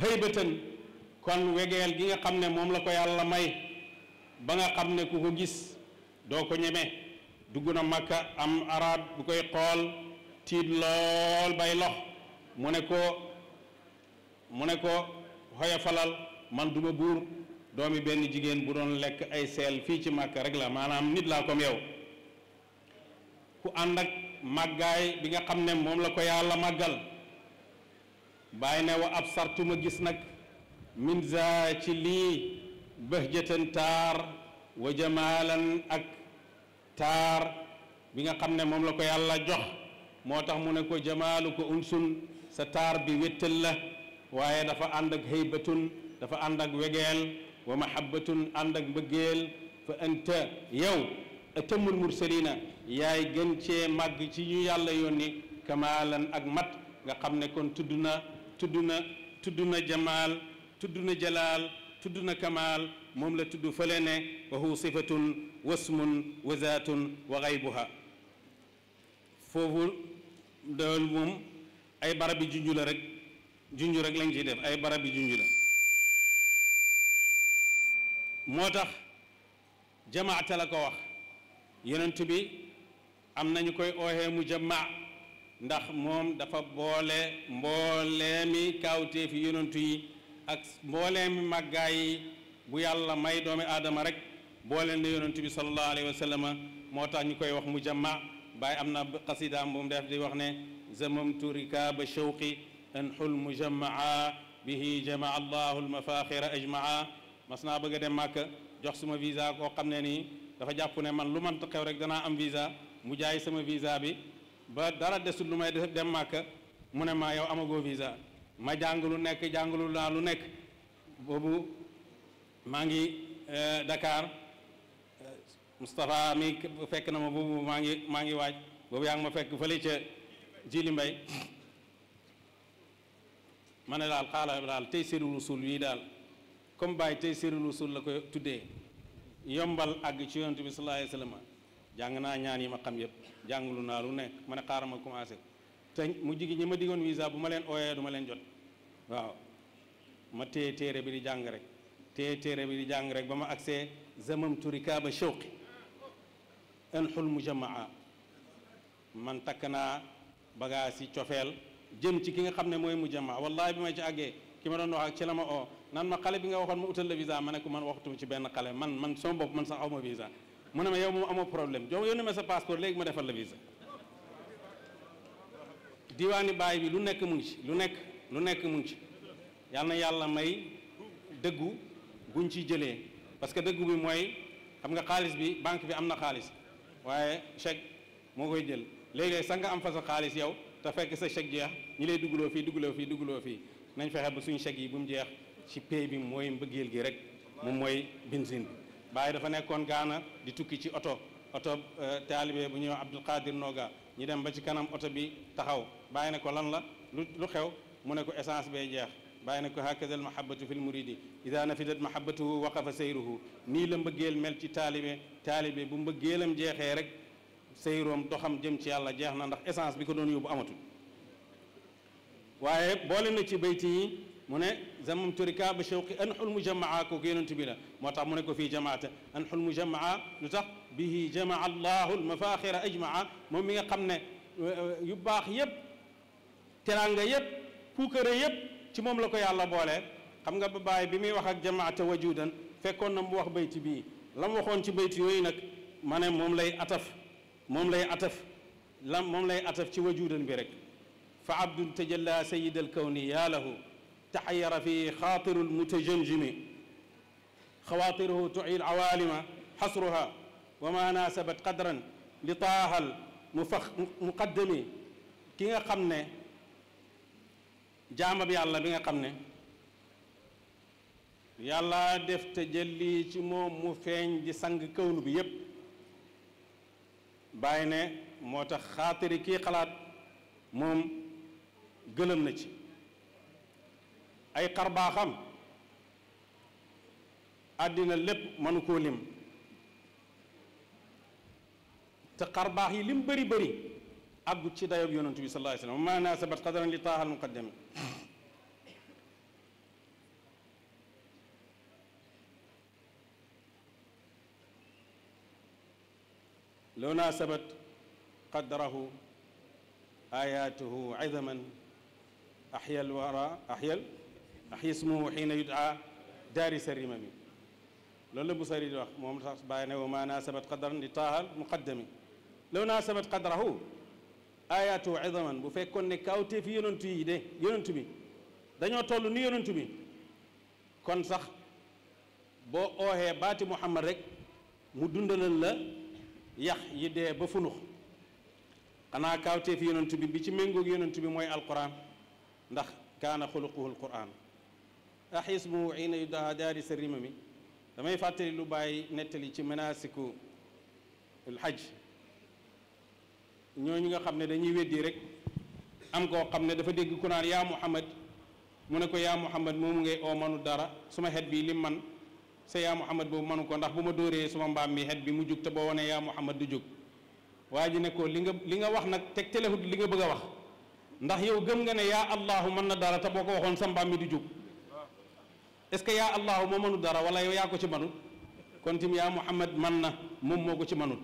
xëybatan kon wegeel gi nga xam ne moom la ko yàlla may ba nga xam ne ku ko gis doo ko ñeme dugg na Makka am arab bu koy xool tiit lool bay lox mu ne ko mu ne ko xoya falal man duma buur doomi benn jigéen bu doon lekk ay seel fii ci màkka rek la maanaam nit laa comme yow ku ànd ak màggaay bi nga xam ne moom la ko yàlla màggal bàyyi ne wa ab sartuma gis nag min za ci lii bahjatan taar wa jamaalan ak taar bi nga xam ne moom la ko yàlla jox moo tax mu ne ko jamaalu ko unsun sa taar bi wéttal la waaye dafa ànd ak haybatun dafa ànd ak wegeel wa mahabbatun ànd ak mbëggeel fa anta yow atamul mursalina yaay gën cee màgg ci ñu yàlla yónni kamaalan ak mat nga xam ne kon tudd na tudd na tudd na jamaal tudd na jalaal tudd na kamaal moom la tudd fële ne wa hu sifatun wasmun wa zaatun wa xaybuha foofu dool moom ay barabi junju la rek junj rek lañ ciy def ay barab yi junj la moo tax jamaata la ko wax yonent bi am na ñu koy ooxee mu jamaa ndax moom dafa boole mbooleemi kaawteefi yonent yi ak mbooleemi màggaay bu yàlla may doomi aadama rek boole na yonent bi sallallahu alayhi wa moo tax ñu koy wax mu jamaa bàyyi am na xasidaam bu mu def di wax ne zamamtu rikaaba shawqi tanxul mujammaa bihi jamaa allahu almafaxira ajmaa mas naa bëgg a dem màkka jox suma visa koo xam ne ni dafa jàpp ne man lu mant xew rek danaa am visa mu jaay sama visa bi ba dara desul lu may def dem màkka mu ne maa amago amagoo visa ma jàng lu nekk jàng lu naa lu nekk boobu maa ngi e, Dakar Moustapha mi fekk na ma boobu maa ngi maa ngi waaj boobu yaa ngi ma fekk fële ca Jili Mbay ma ne daal xaaral daal tey sirul usul wii daal comme baay tey sirul usul la koy tuddee yombal àgg ci yonent bi sallallahu alayhi jàng naa ñaan yi ma xam yëpp jàngulu naa lu nekk ma ne xaaral ma commencé te mu jigi ñi ma diggoon visa bu ma leen ooyee du ma leen jot waaw ma téye téere bi di jàng rek téye téere bi di jàng rek ba ma agsee zamam turi kaaba shawqi anxul mujamaa man takk naa bagaas yi cofeel jëm ci ki nga xam ne mooy mu jama wallahi bi ma ci àggee ki ma doon wax ak ci la ma oo naan ma xale bi nga waxoon ma utal la visa ma ne ko man waxtuma ci benn xale man man sama bopp man sax aw ma visa mu ne ma yow moom amoo problème jox yónnee ma ma defal la visa diwaani baay bi lu nekk mu ngi ci lu nekk lu nekk mu ngi ci yal na yàlla may dëggu guñ ci jëlee parce que dëggu bi mooy xam nga xaalis bi banque bi am na xaalis waaye chèque moo koy jël léegi sax nga am fa sa xaalis yow te fekk sa chèque jeex ñi lay dugaloo fii dugaloo fii dugaloo fii nañ fexe ba suñu chèque yi bu mu jeex ci pay bi mooy mbëggeel gi rek moom mooy benzine bi dafa nekkoon gaana di tukki ci oto oto euh, taalibe bu ñëw Abdul Qadir nooga ñu dem ba ci kanam oto bi taxaw bàyyi ne ko lan la lu lu xew mu ne ko essance bee jeex bàyyi ne ko ma al mahabatu fi l muridi ida nafidat mahabatuhu waqafa sayruhu nii la mbëggeel mel ci taalibe taalibe bu mbëggeelam jeexee rek sëyroom doxam jëm ci yàlla jeex na ndax essance bi ko doon yóbbu amatul waaye boole na ci bayti yi mu ne zamam turika ba shawqi anxul mujamaa kooku yonent bi la moo tax mu ne ko fii jamaata anxul mujamaa lu tax bihi jamaa allahu almafaxira ajmaa moom mi nga xam ne euh, yu baax yépp teranga yépp puukare yépp ci moom la ko yàlla boole xam nga ba bàyyi bi muy wax ak jamaata wajudan fekkoon na mu wax bayti bii la mu waxoon ci bayti yooyu nag ma ne moom lay ataf moom lay ataf lam moom lay ataf ci wajudan bi rek fa abdun tajalla sayid alkawni yaa lahu taxayara fi xaatiru lmutajanjimi xawaatiruhu tuci alawaalima xasruha wa ma naasabat qadran li taaxal mu fax muqaddami ki nga xam ne jaamab yàlla bi nga xam ne yàlla def tajalli ci moom mu feeñ di sang kawnu bi yépp bàyyi ne moo tax xaatiri kii xalaat moom gëlëm na ci ay xarbaaxam àddina lépp mënu koo lim te xarbaax yi lim bari bëri àggut ci dayob yonantu bi sallallahu alayhi wa naa ma nasabat qadaran li taaha al muqaddami loo naasabat qadrahu ayaatuhu izaman axyal wara axyal axyismuhu xiina yudaa daari sarimami loolu la Busayri di wax moom sax bàyyi ne wa maa naasabat qadran li taahal muqaddami loo naasabat qadrahu ayaatuhu izaman bu fekkoon ne kawteef yi yonantu yi de yonantu bi dañoo toll ni yonantu bi kon sax boo ooxee baati Muhammad rek mu dundalal la yax yi dee ba funux xanaa kaawteef yonent bi bi ci méngoog yonent bi mooy alquran ndax kaana xuluquhu alquran axis bu xiina yu daa sa rima damay fàttali lu bàyyi nettali ci manasiku alxaj ñooñu nga xam ne dañuy weddi rek am koo xam ne dafa dégg ku naan yaa muhammad mu ne ko yaa muhammad moomu ngay oomanu dara suma xet bii li man sa yaa Muhammad boobu manu ko ndax bu ma dóoree suma mbaam mi xet bi mu jug te boo wonee yaa Muhammad du jóg waa ji ne ko li nga li nga wax nag teg telehut li nga bëgg a wax ndax yow gëm nga ne yaa Allahu mën na dara te boo ko waxoon sa mbaam mi du jug est-ce que yaa Allahu moo mënut dara wala yow yaa ko ci manut kon tim yaa Muhammad man na moom moo ko ci manut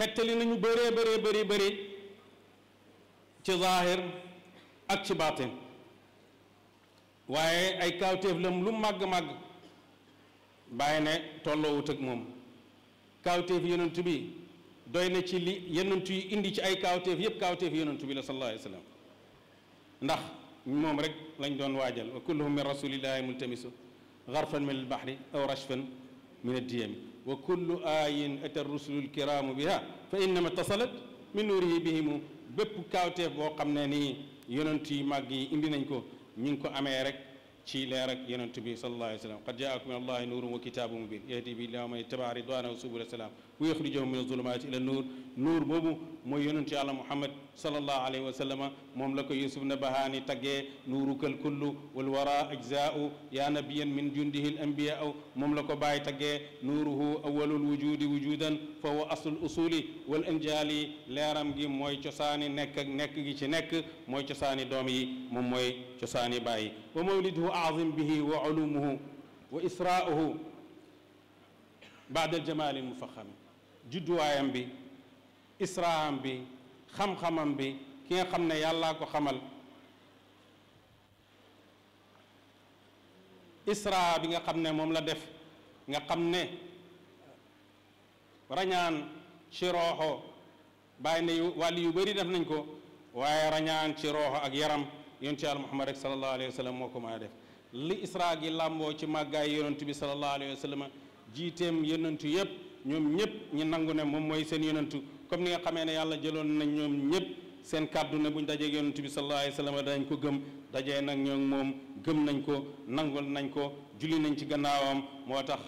xettali nañu bëree bëree bëri bëri ci zaahir ak ci baatin waaye ay kaawteef lam lu màgg-màgg bàyyi ne tolloowut ak moom kaawteef yonent bi doy na ci li yonent indi ci ay kaawteef yépp kaawteef yonent bi la sallallahu alayhi wa sallam ndax moom rek lañ doon waajal wa kulluhum min rasulillahi multamisu garfan min albahri aw rashfan min addiyami wa kullu aayin ata rusulu lkiraamu biha fa innama tasalat min nuurihi bihimu bépp kaawteef boo xam ne nii yonent yi màgg yi indi nañ ko ñu ngi ko amee rek ci leer ak yonent bi sallallahu alayhi wa sallam qad jaakum min allahi nuurun wa kitaabun mubin yahdi bi ila man ittaba ridwanahu subula salaam wa yuxrijuhum min azulumaati ila nuur nuur boobu mooy yonentu yàlla muhammad sallallahu alayhi wa sallama moom la ko yusuf na bahaani taggee nuuru kal kullu wal wara ajzaau yaa nabiyan min jundihi l anbiyaau moom la ko bàyyi taggee nuuruhu awalul wujudi wujudan fa huwa aslul usuli wal anjaali leeram gi mooy cosaani nekk ak nekk gi ci nekk mooy cosaani doom yi moom mooy cosaani bàyyi wa mawliduhu azim bihi wa ulumuhu wa israuhu baada aljamaali mufaxami judduwaayam bi israam bi xam-xamam bi ki nga xam ne yàllaa ko xamal isra bi nga xam ne moom la def nga xam ne rañaan ci rooxo bàyyi ne wàll yu bari def nañ ko waaye rañaan ci rooxo ak yaram yonentu yàlla muhammad rek sallallahu alayhi wa sallam moo ko mën def li israa gi làmboo ci màggaay yonentu bi sallallahu alayhi wa sallam jiiteem yonentu yépp ñoom ñëpp ñi nangu ne moom mooy seen yonentu comme ni nga xamee ne yàlla jëloon nañ ñoom ñëpp seen kàddu ne buñ dajee yonent bi sallallahu alayhi wa dañ ko gëm daje nag ñoo moom gëm nañ ko nangul nañ ko julli nañ ci gannaawam moo tax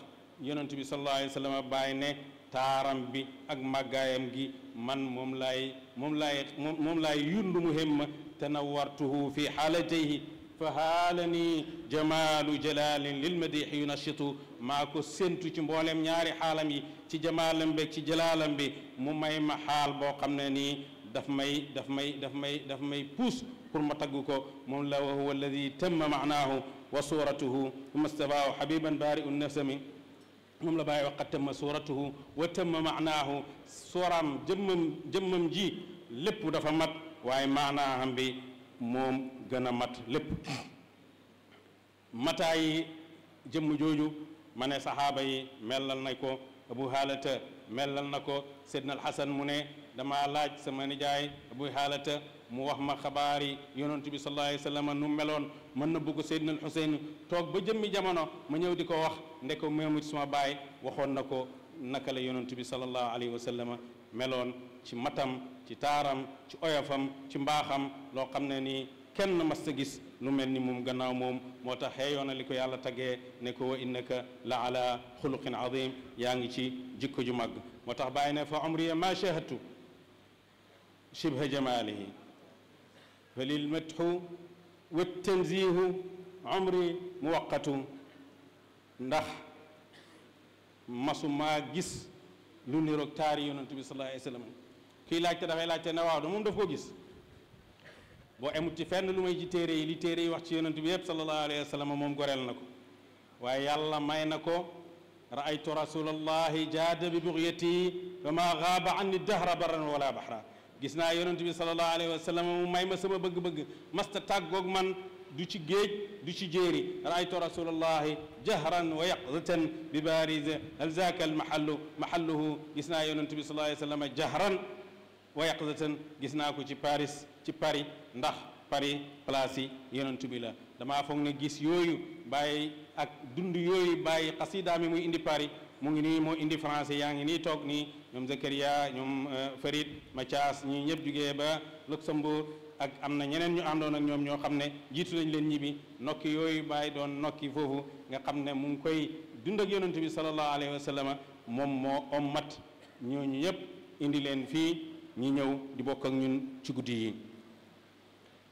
yonent bi sallallahu alayhi wa baay bàyyi ne taaram bi ak màggaayam gi man moom lay moom laay moom laay yundu mu hemma tanawartuhu fi xaalatayhi fa xaalani jamaalu jalaalin lil madiixi yunachitu maa ko séentu ci mboolem ñaari xaalam yi ci jamaalam bi ci jalaalam bi mu may ma xaal boo xam ne nii daf may daf may daf may daf may puus pour ma taggu ko moom la wa huwa alladi tamma maanaahu wa suuratuhu uma stafaahu xabiban baari un nasami moom la bàyyi waqat tamma suuratuhu wa tamma maanaahu sooraam jëmmam jëmmam ji lépp dafa mat waaye maanaam bi moom gën a mat lépp mataayi jëmm jooju ma ne saxaaba yi melal nañ ko abu xaalata mellal na ko seydna alxasan mu ne dama laaj sama nijaay abu xaalata mu wax ma xabaar yi yonent bi sallallahu alayhi wa sallam nu meloon mën na bugg seydna alxuseyn toog ba jëmmi jamono ma ñëw di ko wax ndeko ko it suma baay waxoon na ko naka la yonent bi sallallahu alayhi wa meloon ci matam ci taaram ci oyofam ci mbaaxam loo xam ne nii kenn masta gis lu mel ni moom gannaaw moom moo tax xeeyoon na li ko yàlla taggee ne ko wa innaka la ala xuluqin azim yaa ngi ci jikko ju màgg moo tax bàyyi ne fa umriya ma shahadtu shibha jamalihi fa lil matxu wa tanzihu umri muwaqatu ndax masu maa gis lu niroog taari yonent bi sallallahu alayhi wa sallam kii laajte dafay laajte ne waaw da ko gis boo amut ci fenn lu may ci téere yi li téere yi wax ci yonent bi yëpp sallallahu alayhi wa sallam moom goreel na ko waaye yàlla may na ko raaytu rasulallahi jaada bi bugyati wa ma gaaba anni dahra barran wala bahra gis naa yonent bi sallallahu alayhi wa sallam mu may ma sama bëgg-bëgg masta tàggoog man du ci géej du ci jéeri raaytu rasulallahi jahran wa yaqzatan bi baariz hal zaaka almahallu mahalluhu gis naa yonent bi sallallahu alayhi wa sallam jahran wa yaqzatan gis naa ko ci Paris ci Paris ndax Paris place yi yonent bi la dama foog ne gis yooyu bàyyi ak dund yooyu bàyyi xasidaa mi muy indi Paris mu ngi nii moo indi français yaa ngi nii toog nii ñoom Zakaria ñoom euh, Farid Mathias ñii ñëpp jugee ba Luxembourg ak am na ñeneen ñu àndoon ak ñoom ñoo xam ne jiitu lañ leen ñibbi nokki yooyu bàyyi doon nokki foofu nga xam ne mu ngi koy dund ak yonent bi sallallahu alayhi wa sallam moom moo ommat ñooñu ñëpp indi leen fii ñi ñëw di bokk ak ñun ci guddi yi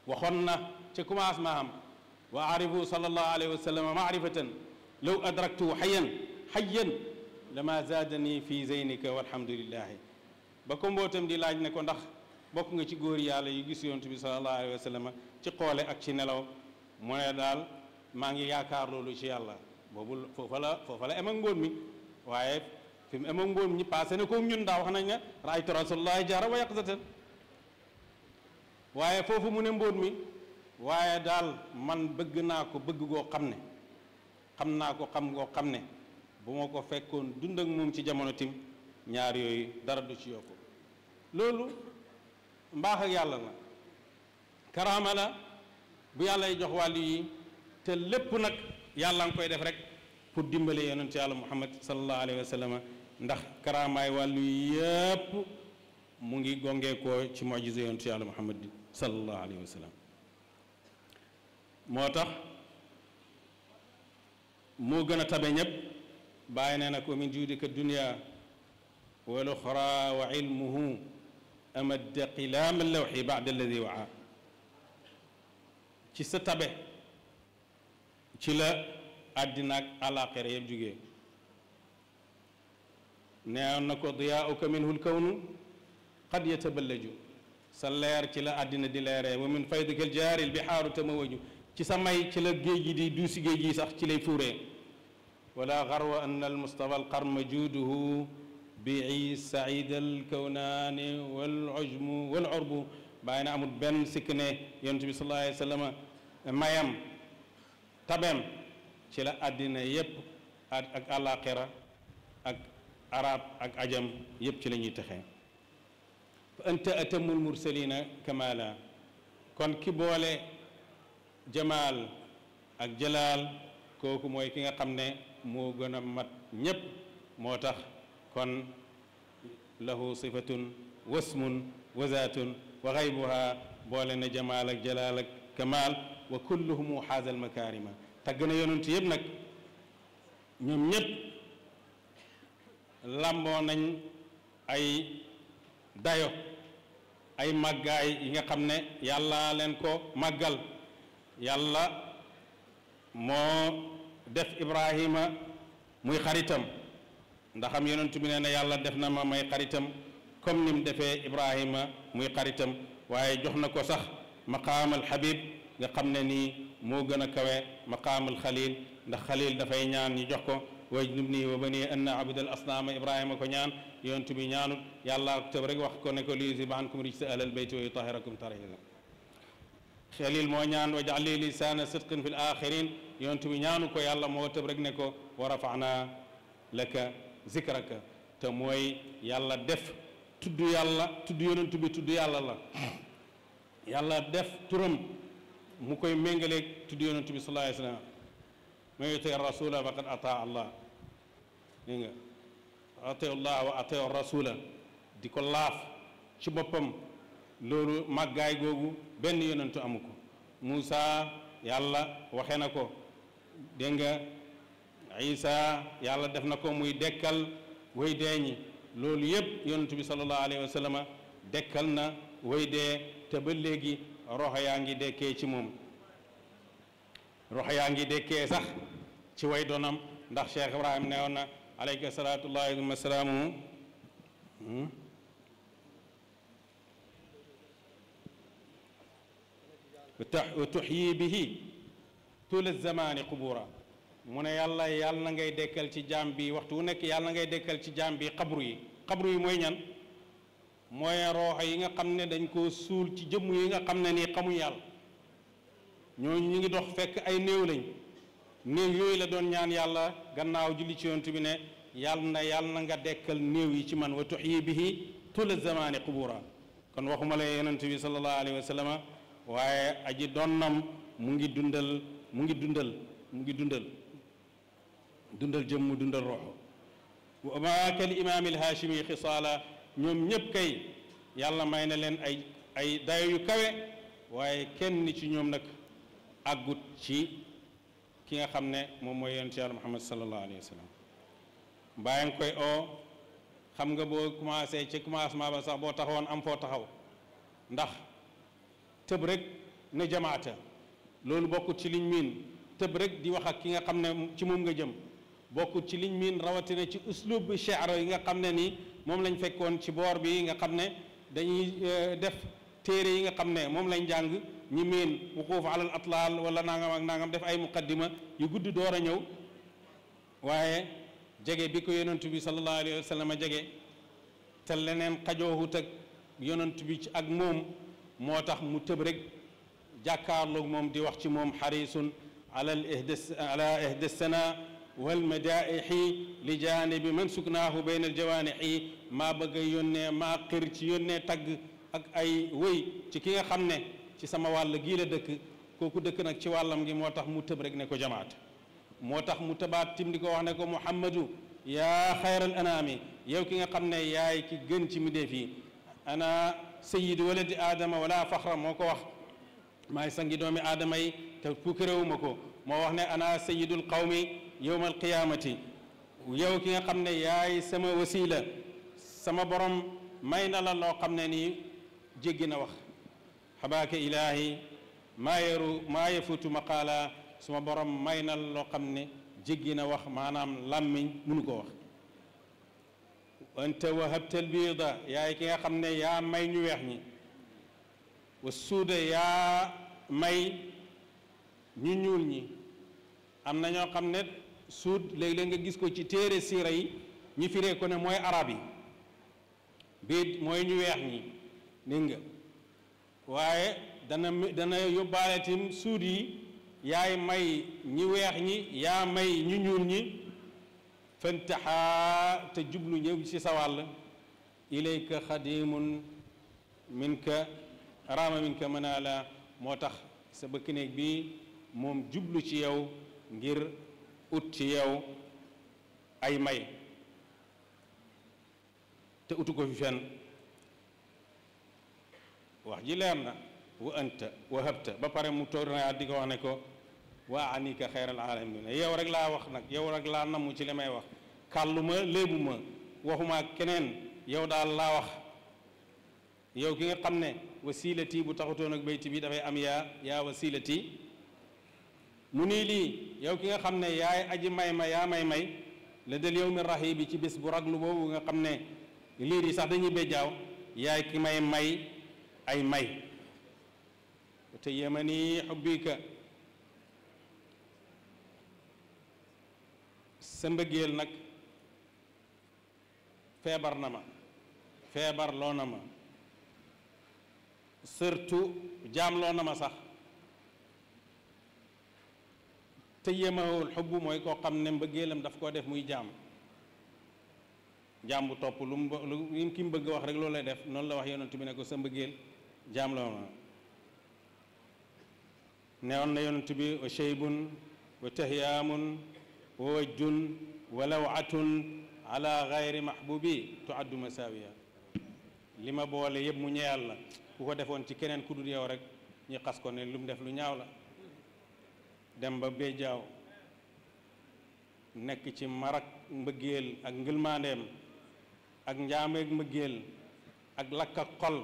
waxoon na ci commencement am wa arifu sallallahu alayhi wa sallam maarifatan law adraktu xayan xayan lama zaadani fi zeynika walhamdulillahi ba ko mbootam di laaj ne ko ndax bokk nga ci góor yàlla yu gis yontu bi sallallahu alayhi wa sallam ci xoole ak ci nelaw mu daal maa ngi yaakaar loolu ci yàlla boobu foofa la foofa la em ak ngóon mi waaye fi mu em ak ngóon ñi passé na ko ñun daa wax nañ ne raaytu rasulullahi jaara wa yaqzatan waaye foofu mu ne mbóot mi waaye daal man bëgg naa ko bëgg goo xam ne xam naa ko xam goo xam ne bu ma ko fekkoon dund ak moom ci jamono tim ñaar yooyu dara du ci yokku loolu mbaax ak yàlla la karaama la bu yàlla jox wàllu yi te lépp nag yàlla nga koy def rek pour dimbale yonent yàlla muhammad sallallahu alayhi wa sallam ndax karaamaay wàllu yépp mu ngi gongee ko ci mojise yonent yàlla muhammad bi sallallahu alayhi moo tax moo gën a tabe ñépp bàyyi nee nag wa min juudika dunya wal uxra wa ilmuhu amadda qilaama lawxi baada alladi waa ci sa tabe ci la àddina ak àllaaxira yëpp jógee nee na ko diyaauka minhu lkawnu qad yataballaju sa leer ci la àddina di leere wa min faydikal jaaril bi xaaru ci sa may ci la géej gi di duusi géej gi sax ci lay fuuree wala xarwa an al mustafa al qarma juuduhu bii said benn sikk ne yonent bi wa sallam ci la àddina yépp ak àllaaxira ak ak ajam yépp ci la ñuy texee fa anta atamul mursalina kamala kon ki boole jamaal ak jalaal kooku mooy ki nga xam ne moo gën a mat ñépp moo tax kon lahu sifatun wasmun wazaatun wa xaybuha boole na jamaal ak jalaal ak kamaal wa kulluhumu xaazal makaarima tagg na yonent yëpp nag ñoom ñépp làmboo nañ ay dayo ay màggaay yi nga xam ne yàlla leen ko màggal yàlla moo def Ibrahima muy xaritam ndaxam yonentu bi nee na yàlla def na ma may xaritam comme ni mu defee Ibrahima muy xaritam waaye jox na ko sax ma maqaamal Habib nga xam ne nii moo gën a kawe maqaamal Xalil ndax Xalil dafay ñaan ñu jox ko wajnubnii wa banii an na'budal asnaama Ibrahima ko ñaan yonent bi ñaanul yàlla tëb rek wax ko ne ko liyuzhiba ankum rijsa ahlal bayti wa yutahhirakum tathiira xelil moo ñaan waj'al lii lisaana sidqin fil aaxiriin yonent bi ñaanu ko yàlla moo tëb rek ne ko wa rafa'naa laka zikraka te mooy yàlla def tudd yàlla tudd yonent bi tudd yàlla la yàlla def turam mu koy méngaleeg tudd yonent bi sallallaahu alayhi wa sallam man yuti rasula faqad ataa allah dégg nga atew wa atew rasula di ko laaf ci boppam loolu màggaay googu benn yonentu amu ko Muusa yàlla waxe na ko dégg nga Isa yàlla def na ko muy dekkal way dee ñi loolu yëpp yonentu bi sallallahu alayhi dekkal na way dee te ba léegi roxo yaa ngi dekkee ci moom roxo yaa ngi dekkee sax ci way doonam ndax Cheikh Ibrahim newoon na aleyka salaatullahi wa salaamu hmm? wa bi bihi tula zamaani qubura mu ne yàlla yàlla na ngay dekkal ci jaam bi waxtu wu nekk yàlla ngay dekkal ci jaam bi xabru yi xabru yi mooy ñan mooy rooxo yi nga xam ne dañ koo suul ci jëmm yi nga xam ne nii xamuñ yàlla ñooñu ñu ngi dox fekk ay néew lañ néew yooyu la doon ñaan yàlla gannaaw julli ci yonent bi ne yàlla na yàlla na nga dekkal néew yi ci man wa tuxyi bihi tula zamaani qubura kon waxuma la yonent bi sallallahu waaye aji donnam mu ngi dundal mu ngi dundal mu ngi dundal dundal jëmm dundal roxo wa maakal imaam alhaashimi xisaala ñoom ñépp kay yàlla may na leen ay ay dayo yu kawe waaye kenn ci ñoom nag àggut ci ki nga xam ne moom mooy yonent yàlla muhammad sallallahu alayhi wa sallam bàyyi nga koy oo xam nga boo commencé ci commencement ba sax boo taxawoon am foo taxaw ndax tëb rek ne jamaata loolu bokkut ci liñ miin tëb rek di wax ak ki nga xam ne ci moom nga jëm bokkut ci liñ miin rawatina ci uslub shi'ra yi nga xam ne nii moom lañ fekkoon ci boor bi nga xam ne dañuy euh, def téere yi nga xam ne moom lañ jàng ñi miin wuquuf alal atlaal wala nangam ak nangam def ay muqaddima yu gudd door a ñëw waaye jege bi ko yonent bi sallallahu alayhi wa sallam jege te leneen xajoohut ak yonent bi ci ak moom moo tax mu tëb rek jàkkaarloog moom di wax ci moom xarisun ala ihda sana wal madaaixi li jaanibi man suknaahu bayna al jawaanixi maa bëgg a yónnee maa xir ci yónnee tagg ak ay wëy ci ki nga xam ne ci sama wàll gii la dëkk kooku dëkk nag ci wàllam gi moo tax mu tëb rek ne ko jamaat moo tax mu tëbaat tim di ko wax ne ko muhammadu yaa xayral anaami yow ki nga xam ne yaay ki gën ci mbindéef yi ana sayyidu waladi aadama wala faxra moo ko wax maay sangi doomi aadama yi te pukkaréwuma ko moo wax ne anaa sayyidul qawmi yowma alqiyaamati yow ki nga xam ne yaay sama wasila sama borom may na la loo xam ne nii jéggi na wax xabaaka ilaahi maa yaru maa yafutu maqaala suma borom may na loo xam ne jéggi na wax maanaam làmmiñ mënu ko wax anta wahabtal biida yaay ki nga xam ne yaa may ñu weex ñi wa suuda yaa may ñu ñuul ñi am na ñoo xam ne suud léeg-léeg nga gis ko ci téere siira yi ñu firee ko ne mooy arab yi biit mooy ñu weex ñi dégg waaye dana dana yóbbaale tim suud yi yaay may ñi weex ñi yaa may ñu ñuul ñi fantaxaa te jublu ñëw ci sa wàll ilayka xadimun minka raama minka manaala moo tax sa bëkk bi moom jublu ci yow ngir ut ci yow ay may te utu ko fi fenn wax ji leer na wa anta wa habta ba pare mu tournéwaat di ko wax ne ko wa anika xeyral alamin yow rek laa wax nag yow rek laa namm ci li may wax kàlluma léebuma waxuma keneen yow daal laa wax yow ki nga xam ne wasilati bu taxutoon nag bayti bi dafay am yaa yaa wasilati mu nii lii yow ki nga xam ne yaay aji may ma yaa may may la del yow mi rahi bi ci bés bu rag lu boobu nga xam ne liir yi sax dañuy béjjaaw yaay ki may may ay may te yemani xubbika sa mbëggeel nag feebar na ma feebar loo na ma surtout jaam loo na ma sax te yemawul xubb mooy koo xam ne mbëggeelam daf koo def muy jaam jaam bu topp lu mu lu ki mu bëgg wax rek loolu lay def noonu la wax yonent bi ne ko sa mbëggeel jaamloo ma neewoon na yonent bi wa cheybun wa tahyaamun wa wajjun wa lawatun ala gayri mahbubi tuaddu masaawiya li ma boole yëpp mu ñeyal la ku ko defoon ci keneen ku dul yow rek ñi xas ko ne lu def lu ñaaw la dem ba béjaaw nekk ci marak mbëggeel ak ngëlmaandeem ak njaameeg mbëggeel ak lakk ak xol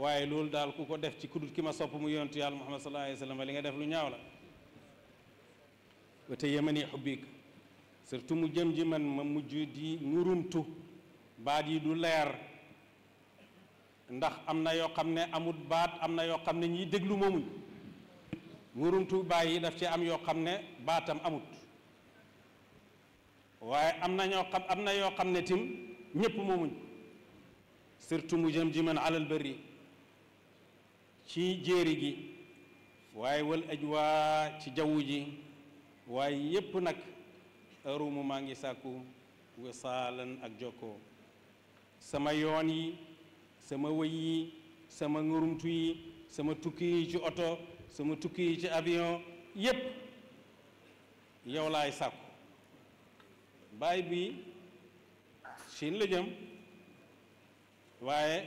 waaye loolu daal ku ko def ci kudul ki ma sopp mu yontu yàlla muhammad sallallahu alayhi wa sallam li nga def lu ñaaw la wate yemani mu jëm ji man ma mujj di murumtu baat yi du leer ndax am na yoo xam ne amut baat am na yoo xam ne ñiy déglu moomuñ murumtu baay yi daf ci am yoo xam ne baatam amut waaye am na na yoo xam ne tim ñépp moomuñ surtout mu jëm ji man alal bari ci jéeri gi waaye wal waa ci jawwu ji waaye yépp nag arumu maa ngi sàkku wisaalan ak jokkoo sama yoon yi sama wëy yi sama ngurumtu yi sama tukki yi ci oto sama tukki yi ci avion yépp yow laay sàkku baay bi siin la jëm waaye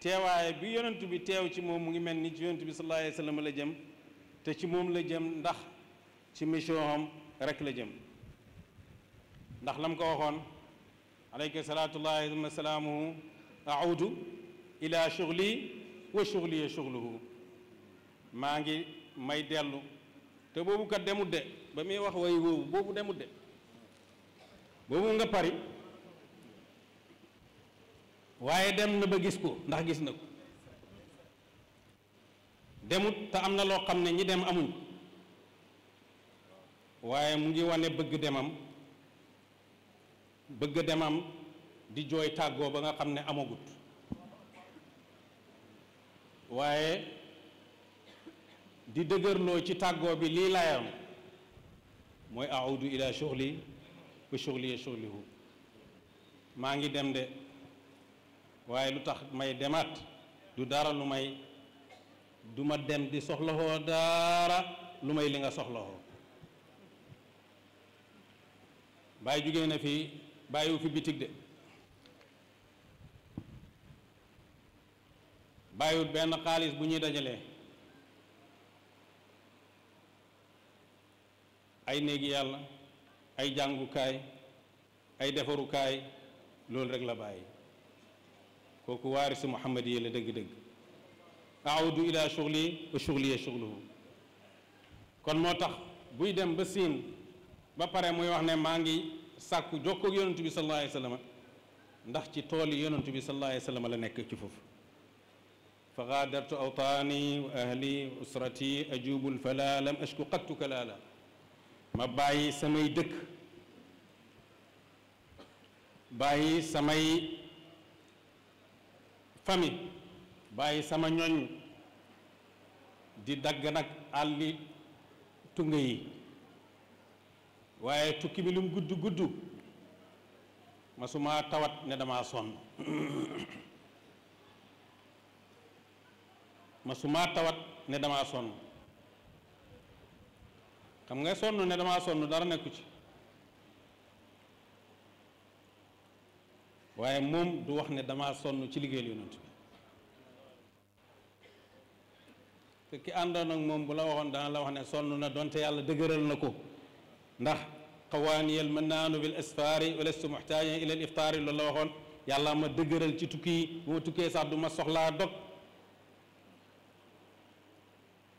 teewaay bi yonent bi teew ci moom mu ngi mel ni ci yonent bi sallallahu alayhi wa sallam la jëm te ci moom la jëm ndax ci mission am la jëm ndax lam ko waxoon alayka salaatullahi wa salaamuhu audu ila shughli wa maa ngi may dellu te boobu kat demut de ba muy wax way woowu de boobu nga pari waaye dem na ba gis ko ndax gis na ko demut te am na loo xam ne ñi dem amuñ waaye mu ngi wane bëgg demam bëgg demam di jooy tàggoo ba nga xam ne amagut waaye di dëgërloo ci tàggoo bi lii laayam mooy audu ila shughli wa shughli ya shughlihu maa ngi dem de waaye lu tax may demaat du dara lu may du ma dem di soxlawoo daara lu may li nga soxlawoo bàyyi jóge na fii bàyyiwu fi bitig de bàyyiwut benn xaalis bu ñuy dajalee ay néeg yàlla ay jàngukaay ay defarukaay loolu rek la bàyyi kooku waarisu muhammad yi la dëgg-dëgg aawdu ila shughli wa shughli ya kon moo tax buy dem ba siin ba pare muy wax ne maa ngi sàkku jokkoog yonentu bi sallallahu wa sallam ndax ci tool yi yonentu bi sallallahu wa sallam la nekk ci foofu fa gaadartu awtaani wa ahli wa usrati ajubul fala lam ashku qattu kalaala ma bàyyi samay dëkk bàyyi samay famille bàyyi sama ñoñ di dagg nag àlli tunga yi waaye tukki bi lum gudd gudd masuma tawat ne dama sonn masuma tawat ne dama sonn xam nga sonn ne dama sonn dara nekku ci waaye moom du wax ne dama sonn ci liggéeyal yonent bi te ki àndoon ak moom bu la waxoon dana la wax ne sonn na donte yàlla dëgëral na ko ndax xawaaniyal mën naanu bil isfaari walastu muxtaajan ilal iftaari loolu la waxoon yàlla ma dëgëral ci tukki yi bu ma tukkee sax du ma soxlaa dog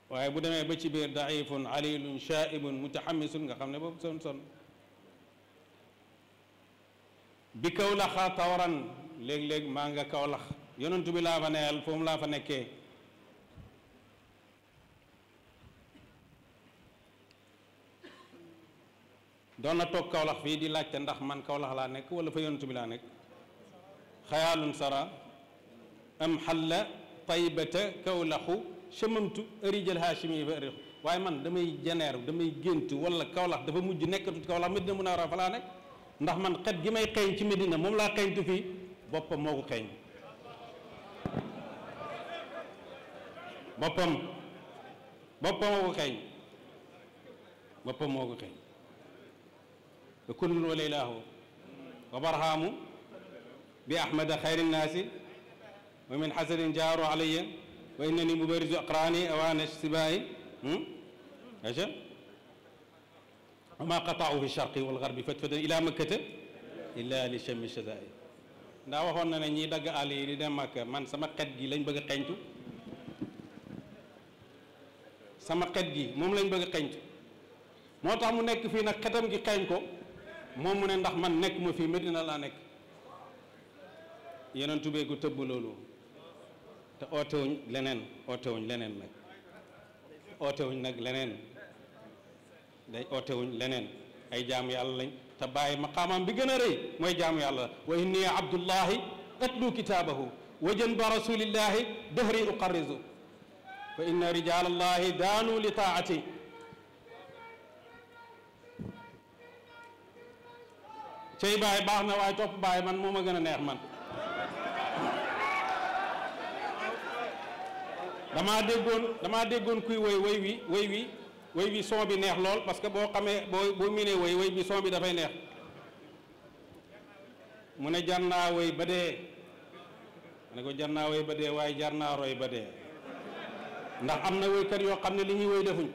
waaye bu demee ba ci biir daifun alilun shaibun mutaxamisun nga xam ne boobu son sonn bi kaw laxaa léeg-léeg maa nga kawlax lax yonentu bi laa fa neyal foofu laa fa nekkee doon na toog kaw fii di laajte ndax man kaw laa nekk wala fa yonentu laa nekk xayaalun sara am xalla taybata kaw laxu chamamtu ërijal haachimi yi fa ërixu waaye man damay janeer damay gént wala kaw dafa mujj nekkatut kaw lax Madina Munawara fa laa nekk ndax man xet gi may xeeñ ci Medina moom laa xeeñtu fii boppam moo ko xeeñ boppam boppam moo ko xeeñ boppam moo ko xeeñ te kullun wala ilaahu wa barhaamu bi ahmada xayri nnaasi wa min xasadin jaaru alayya wa innani mubarizu aqraani awaana sibaayi hmm? aja wa maa qataahu fi sharqi wal garbi fatfadan ila makkata illa li chammi shadaai ndaa waxoon na ne ñiy dagg àll yi di dem Makka man sama xet gi lañ bëgg a xeñtu sama xet gi moom lañ bëgg a moo tax mu nekk fii nag xetam gi xeeñ ko moom mu ne ndax man nekk ma fii Medina laa nekk yeneen tubee ko tëbb loolu te ootewuñ leneen ootewuñ leneen nag ootewuñ nag leneen day leneen ay jaamu yàlla lañ te bàyyi maqaamam bi gën a rëy mooy jaamu yàlla wa inni abdullahi atlu kitaabahu wa janba rasulillahi dahri uqarrizu fa daanu li taati cey bàyyi baax na waaye topp bàyyi man moo ma gën a neex man damaa déggoon kuy woy wi way bi son bi neex lool parce que boo xamee boo boo miinee way way bi son bi dafay neex mu ne jar naa way ba dee ma ne ko jar naa way ba dee waaye jar naa roy ba dee ndax am na waykat yoo xam ne li ñuy way defuñ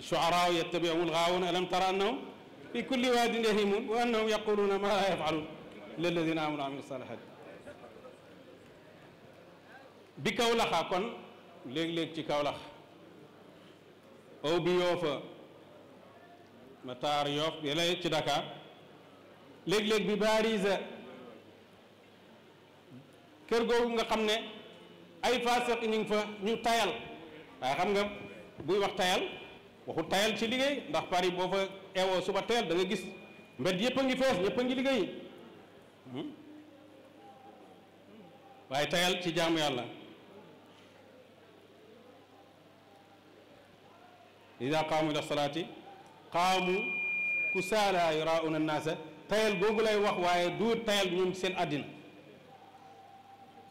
shu'araa yattabi'uhumul ghaawuun alam tara annahum fi kulli waadin yahiimuun wa annahum yaquluuna maa laa yaf'aluun illal laziina aamanuu wa 'amilus saalihaat bi kaw laxaa kon léeg-léeg ci kaw lax aw bi yoofa ma taar yoof yële ci Dakar léeg-léeg bi baarisa kër googu nga xam ne ay faasiq ñu ngi fa ñu tayal waaye xam nga buy wax tayal waxu tayal ci liggéey ndax Paris boo fa eewoo suba tayal da gis mbedd yëpp a ngi fees ñëpp ngi liggéey hmm? waaye tayal ci jaamu yàlla ida qaamu ila salaati qaamu ku saala yurauna annaasa tayal googu lay wax waaye du tayal ñoom seen àddina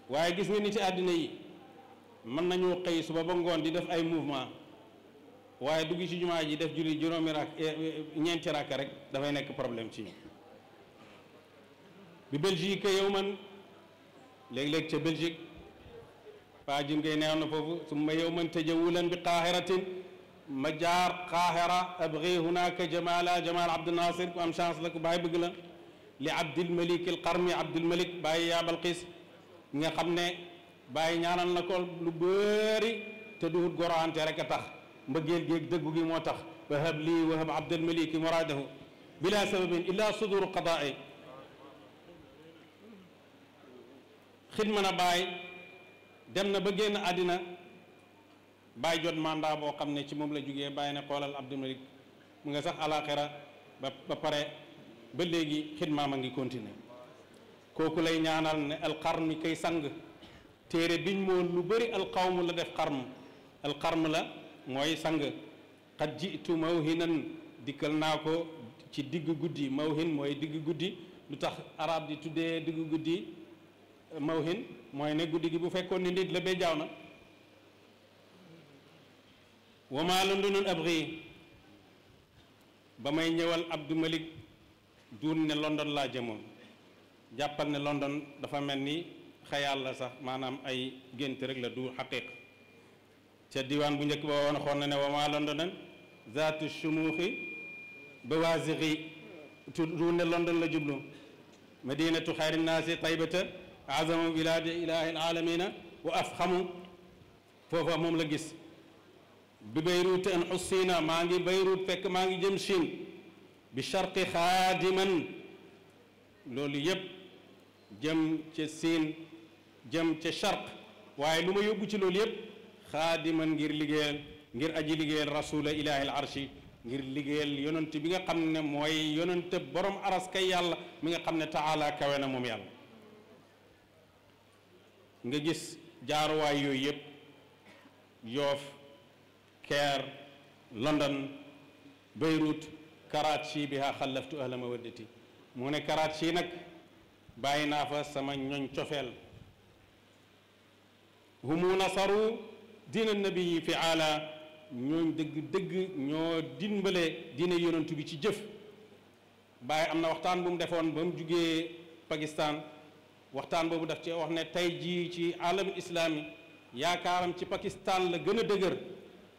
waaye gis nga ni ci àddina yi mën nañu xëy suba ba ngoon di def ay mouvement waaye dugg ci jumaa ji def julli juróomi rak eh, eh, ñeenti rakk rek dafay nekk problème ci ñu bi Belgique yow man léeg-léeg ca Belgique paa jun ngay neew na foofu su yow man tëjawulan bi qaaxiratin Majaar Qahira abgi hunaka jamala jamal Abdou Nasir ku am chance la ku bàyyi bëgg la li Abdul Malik al Qarmi Abdul Malik bàyyi yaa Balqis nga xam ne bàyyi ñaanal na ko lu bëri te duhut gorante rek a tax mbëggeel géeg dëggu gi moo tax wahab lii wahab Abdul Malik muraadahu bila sababin illa suduru qadaa'i xidma na bàyyi dem na ba génn àddina bàyyi jot mandat boo xam ne ci moom la jógee bàyyi ne xoolal Abdou Malik mu nga sax alaxira ba ba pare ba léegi xidmaam a ngi continuer kooku lay ñaanal ne alxarm kay sang téere biñ moon lu bari alxawm la def xarm alxarm la mooy sang xat jitu mawhinan dikkal naa ko ci digg guddi mawhin mooy digg guddi lu tax arab di tuddee digg guddi mawhin mooy ne guddi gi bu fekkoon ni nit la bee jaaw na wa maa londonul abri ba may ñëwal Abdou Malik duun ne London laa jëmoon jàppal ne London dafa mel ni xayaal la sax maanaam ay gént rek la du xaqiq ca diwaan bu njëkk ba woon xoon na ne wa maa londonan zaatu shumuuxi bawaasixi tu duun ne London la jublu madinatu xayri naasi taybata azamu bilaadi ilaahi alamina wa afxamu foofa moom la gis bi bayruuti an xussina maa ngi bayruut fekk maa ngi jëm Chine bi charqi xaadiman loolu yépp jëm ca siin jëm ca charq waaye lu ma yóbbu ci loolu yépp xaadiman ngir liggéeyal ngir aji liggéeyal rasula ilahi al ngir liggéeyal yonent bi nga xam ne mooy yonent boroom aras kay yàlla mi nga xam ne taala kawe na moom yàlla nga gis jaaruwaay yooyu yépp yoof Caire London Beyrouth Karachi bi haa xallaftu ahla mu ne Karachi nag bàyyi naa fa sama ñoñ cofeel humu nasaru diina nabii fi aala ñooñ dëgg dëgg ñoo dimbale dina yonantu bi ci jëf bàyyi am na waxtaan bu mu defoon ba mu jugee Pakistan waxtaan boobu daf ci wax ne tey jii ci alam islaami yaakaaram ci pakistaan la gën a dëgër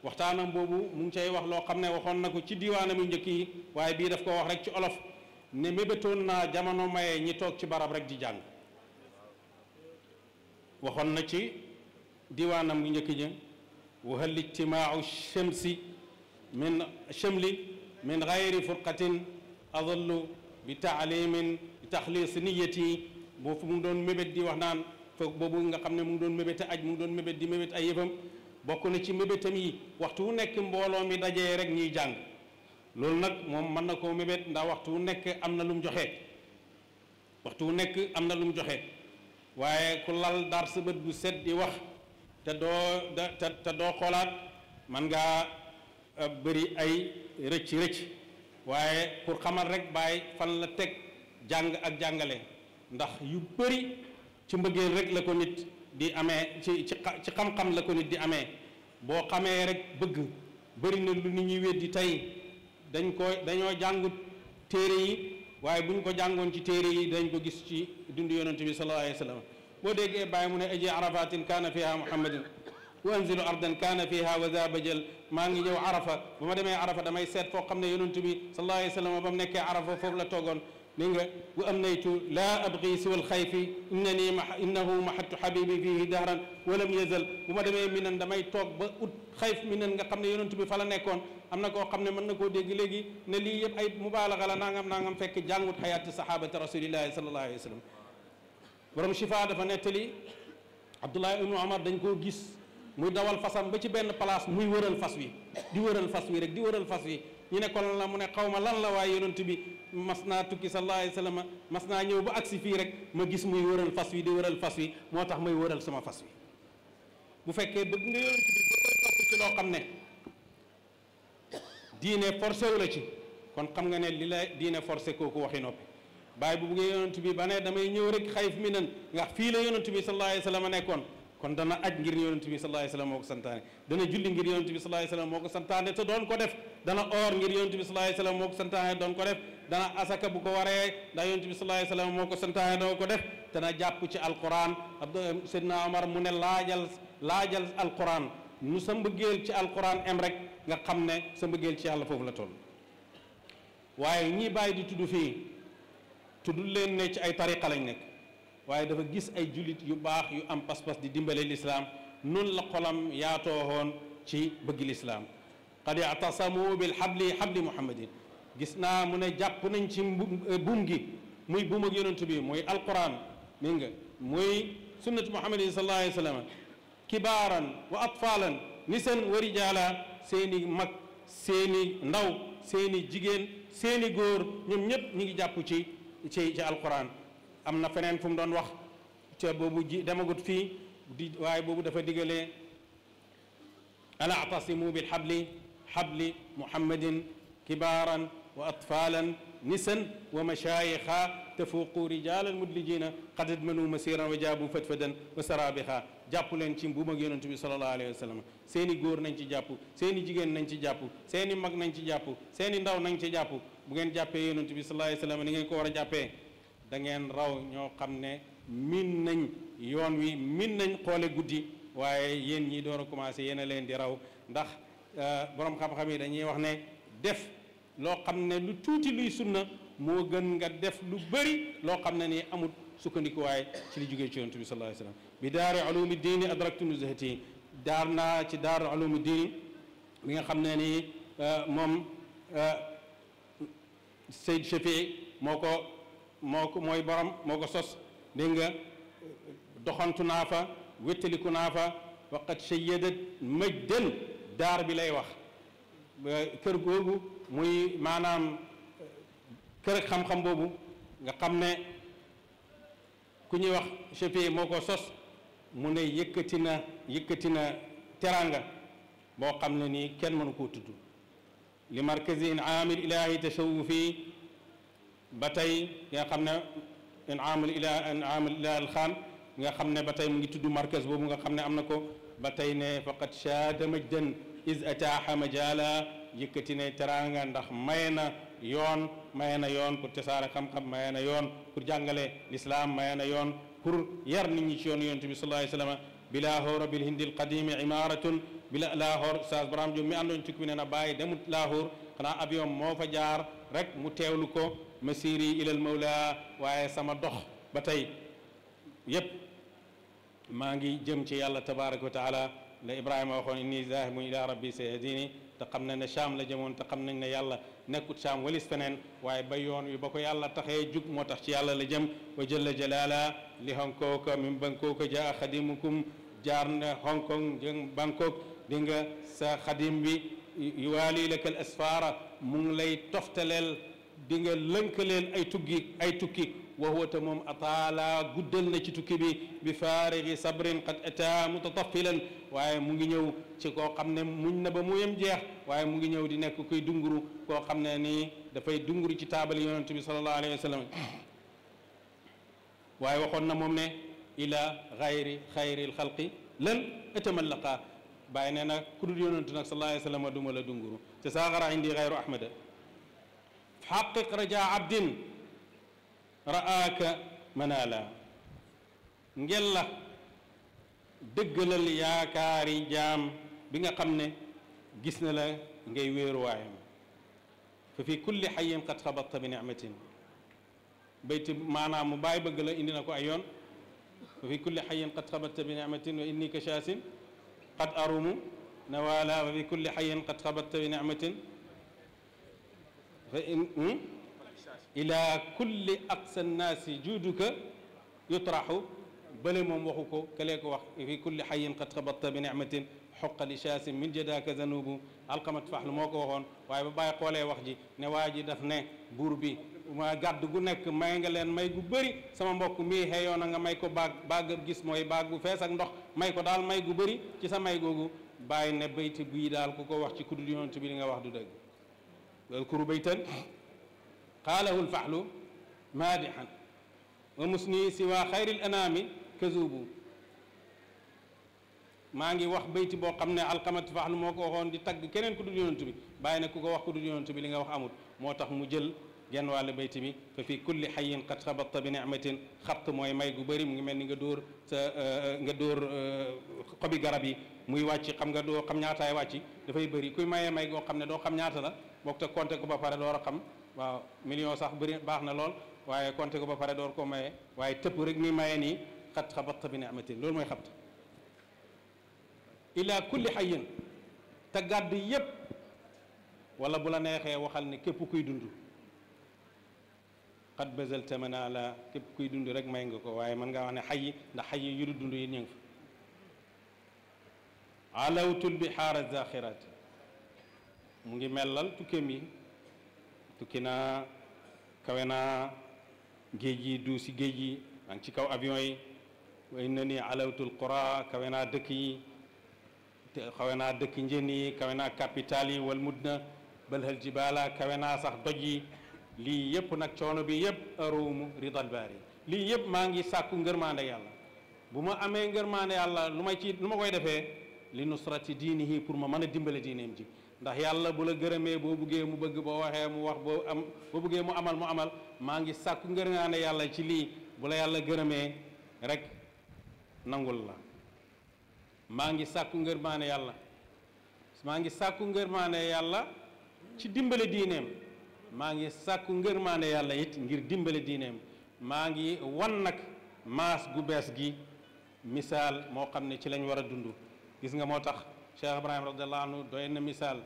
waxtaanam boobu mu cay wax loo xam ne waxoon na ko ci diiwaanam yu njëkk yi waaye bii daf ko wax rek ci olof ne mébétoon naa jamono maye ñi toog ci barab rek di jàng waxoon na ci diiwaanam yu njëkk ñi wahal ijtimaau shamsi min shamli min gayri furqatin adallu bi taalimin bi taxliis niyati boofu mu ngi doon mébét di wax naan foog boobu nga xam ne mu ngi doon mébét aj mu doon mébét di mébét ay yëfam bokk na ci mébétam yi waxtu wu nekk mbooloo mi dajee rek ñuy jàng loolu nag moom mën na koo mébét ndax waxtu wu nekk am na lu mu joxe waxtu wu nekk am na lu mu joxe waaye ku lal daar sa bu set di wax te doo te te doo xoolaat man ngaa eh, bëri ay rëcc rëcc waaye pour xamal rek bàyyi fan la teg jàng ak jàngale ndax yu bëri ci mbëggeel rek la ko nit di amee ci ci ci xam-xam la ko nit di amee boo xamee rek bëgg bëri na lu nit ñuy weddi tey dañ ko dañoo jàngut téere yi waaye bu ñu ko jàngoon ci téere yi dañ ko gis ci dund yonent bi sallallahu alayhi wa boo déggee bàyyi mu ne aji arafatin kaana fiha muhammadin wa anzilu ardan kaana fiha wa za bajal maa ngi ñëw arafa bu ma demee arafa damay seet foo xam ne yonent bi sallallahu alayhi wa sallam ba mu nekkee arafa foofu la toogoon dégg nga wa amnaytu laa abgi siwal xayfi innani ma innahu mahattu xabibi fihi dahran walam yazal bu ma demee minan damay toog ba ut xayf minan nga xam ne yonent bi fa la nekkoon am na koo xam ne mën na koo dégg léegi ne lii yëpp ay mubaalaga la nangam nangam fekk jàngut xayaati sahabati rasulillahi sallallahu alayhi wa sallam borom shifa dafa nettali abdullahi ibnu omar dañ koo gis muy dawal fasam ba ci benn place muy wëral fas wi di wëral fas wi rek di wëral fas wi ñu ne kon la mu ne xawma lan la waaye yonent bi mas naa tukki sallallahu alayhi wa sallam mas naa ñëw ba agsi fii rek ma gis muy wëral fas wi di wëral fas wi moo tax may wëral sama fas wi bu fekkee bëgg nga yonent bi ba koy topp ci loo xam ne diine forcé wu ci kon xam nga ne li la diine forcé kooku waxi noppi bàyyi bu buggee yonent bi ba ne damay ñëw rek xayf mi nan ndax fii la yonent bi sallallahu alayhi wa sallam nekkoon kon dana aj ngir yonent bi sallallahu alayhi wasallam moo ko santaane dana julli ngir yonent bi sallallahu alayhi wasallam moo ko santaane te doon ko def dana oor ngir yonent bi sallallahu alayhi wasallam moo ko santaane doon ko def dana asaka bu ko waree ndax yonent bi sallallahu alayhi moo ko santaane doon ko def dana jàpp ci alquran abd eh, seydna omar mu ne laajal laajal alquran nu sa mbëggeel ci alquran em rek nga xam ne sa mbëggeel ci yàlla foofu la toll waaye ñii bàyyi di tudd fii tudd leen ne ci ay tariqa lañ nekk waaye dafa gis ay jullit yu baax yu am pas-pas di dimbale lislaam noonu la xolam yaatoowoon ci bëgg lislaam qad i'tasamu bil xabli xabli muhammadin gis naa mu ne jàpp nañ ci eh, buum gi muy buum ak bi muy alxuraan mi nga muy sunnatu muhammadin sallallahu alayhi wa kibaaran wa atfaalan nisan wa rijaala seeni mag seeni ndaw seeni jigéen seeni góor ñoom ñépp ñu ngi jàpp ci ci ci am na feneen fu mu doon wax ca boobu ji demagut fii di waaye boobu dafa le ala atasimu bil xabli xabli muhammadin kibaaran wa atfalan nisan wa mashayixa tafuqu rijalan mudlijina qad admanu masiran wa jaabu fatfadan wa sarabiha jàpp leen ci mbuum ak yonent bi salallahu alayhi wa sallam seeni góor nañ ci jàpp seeni jigéen nañ ci jàpp seeni mag nañ ci jàpp seeni ndaw nañ ci jàpp bu ngeen jàppee yonent bi salallahu alayhi wa sallam ni ngeen ko war a jàppee da ngeen raw ñoo xam ne miin nañ yoon wi miin nañ xoole guddi waaye yéen ñi door a commencé yéen leen di raw ndax euh, borom xam-xam yi dañuy wax ne def loo xam ne lu tuuti luy sunna moo gën nga def lu bëri loo xam ne nii amut sukkandikuwaay ci li jógee ci yonent bi sallallahu alayhi wasallam bi daari ulumi diini adraktu nuzhati daar naa ci daaru ulumi diini bi nga xam ne nii euh, moom euh, Seyd Chafi moo ko moo ko mooy borom moo ko sos dégg nga doxantu naa fa wéttaliku naa fa waqat sayyadat majdan daar bi lay wax kër googu muy maanaam kër xam-xam boobu nga xam ne ku ñuy wax chefie moo ko sos mu ne yëkkati na yëkkati na teranga boo xam ne nii kenn mënu koo tudd li markazi in aamil ilaahi tashawufi ba tey nga xam ne inaamul ila inaamul ila alxaan nga xam ne ba tey mu ngi tudd markaz boobu nga xam ne am na ko ba tey ne faqat shaada majdan is ataaxa majaala yëkkati ne teraanga ndax maye na yoon maye na yoon pour tasaare xam-xam maye na yoon pour jàngale lislaam maye na yoon pour yar ni ñi ci yoon yonent bi sallallahu alayhi wa sallam bilaa hoora bil hindil qadimi imaaratun bila laahoor Oustaz Braham Diop mi andoon tukki bi nee na bàyyi demut laahoor xanaa avion moo fa jaar rek mu teewlu ko masiri ilal mawla waaye sama dox ba tey yépp maa ngi jëm ci yàlla tabaraka wa taala la ibrahima waxoon inni zahibun ila rabbi sayadini te xam nañ ne Sham la jëmoon te xam nañ ne yàlla nekkut Sham walis feneen waaye ba yoon wi ba ko yàlla taxee jug moo tax ci yàlla la jëm wa jëlla jalaala li Hong Kong min Bangkok jaa xadimukum jaar na Hong Kong jëm Bangkok di nga sa xadim bi yuwaali laka al asfara mu ngi lay toftaleel di nga lënkaleel ay tuggi ay tukki wa huwa te moom ataala guddal na ci tukki bi bi faarigi sabrin qad ata mutatafilan waaye mu ngi ñëw ci koo xam ne muñ na ba mu yem jeex waaye mu ngi ñëw di nekk kuy dunguru koo xam ne nii dafay dunguru ci taabal yonent bi sallallahu waaye waxoon na moom ne ila xayri xayri lxalqi lan atamallaqa bàyyi nee na ku dul yonentu nag sallallahu alayhi wa sallam duma la dunguru te saaxara xaqiq raja abdin ra'aaka manaala ngella dëggalal yaakaari jaam bi nga xam ne gis na la ngay wéeruwaayam fa fi kulli xayin qad xabatta bi nicmatin bayti maanaam mu bàyyi bëgg la indi na ko ay yoon fa fi kulli xayin qad xabatta bi nicmatin wa inni ka shaasin qad arumu nawaala wa fi kulli xayin qad xabatta bi nicmatin fa in hmm? ila kulli aqsa nnaasi juuduka yutraxu bële moom waxu ko këlee ko wax fi kulli xayin qad xabatta bi nicmatin xoqali chaasim min jadaaka zanubu alqamat faxlu moo ko waxoon waaye ba bàyyi xoolee wax ji ne waa ji daf ne buur bi ma gàdd gu nekk may nga leen may gu bëri sama mbokk mii xeeyoo na nga may ko baag baagab gis mooy baag bu fees ak ndox may ko daal may gu bëri ci sa may googu bàyyi ne bayti bii daal ku ko wax ci kudul yonent bi li nga wax du dëgg واذكروا بيتا قاله الفحل مادحا ومسني سوى خير الأنام كذوب maa ngi wax bayti boo xam ne alkamat faxlu moo ko waxoon di tagg keneen ku dul yonent bi bàyyi na ku ko wax ku dul yonent bi li nga wax amut moo tax mu jël genn wàll bayti bi fa fi kulli xayin qad xabatta bi nicmatin xabt mooy may gu bari mu ngi mel ni nga dóor sa euh, nga dóor euh, xobi garab yi muy wàcc xam nga doo xam ñaataay wàcc dafay bari kuy mayee may goo xam ne doo xam ñaata la bokk te compter ko ba pare door a xam waaw million sax bëri baax na lool waaye compter ko ba pare door koo maye waaye tëpp rek ni maye nii xat xabat bi ne amatin loolu mooy xabt ila kulli xayin te gàdd yépp wala bu la neexee waxal ne képp kuy dund xat bësal tamana la képp kuy dund rek may nga ko waaye mën nga wax ne xayi ndax xayi yu du dund yi ñu ngi fa alawtul bihaara mu ngi mellal tukkeem yi tukki naa kawe naa géej yi du si géej yi ci kaw avion yi wa inna ni alawtul qura kawe naa dëkk yi kawe naa dëkk njën yi kawe naa capital yi wal mud na balhal jibaala kawe naa sax doj yi lii yëpp nag coono bi yëpp aruumu ridal baari lii yëpp maa ngi sàkku ngërmaande yàlla bu ma amee ngërmaande yàlla lu may ci lu ma koy defee li nusrati diinihi pour ma mën a dimbale diineem ji ndax yàlla bu la gërëmee boo buggee mu bëgg boo waxee mu wax boo am boo buggee mu amal mu amal maa ngi sàkku ngërëmaane yàlla ci lii bu la yàlla gërëmee rek nangul la maa ngi sàkku ngërmaane yàlla maa ngi sàkku ngërmaane yàlla ci dimbale diineem maa ngi sàkku ngërmaane yàlla it ngir dimbale diineem maa ngi wan nag maas gu bees gi misaal moo xam ne ci lañ war a dund gis nga moo tax Cheikh Ibrahima radiallahu anhu doy na misaal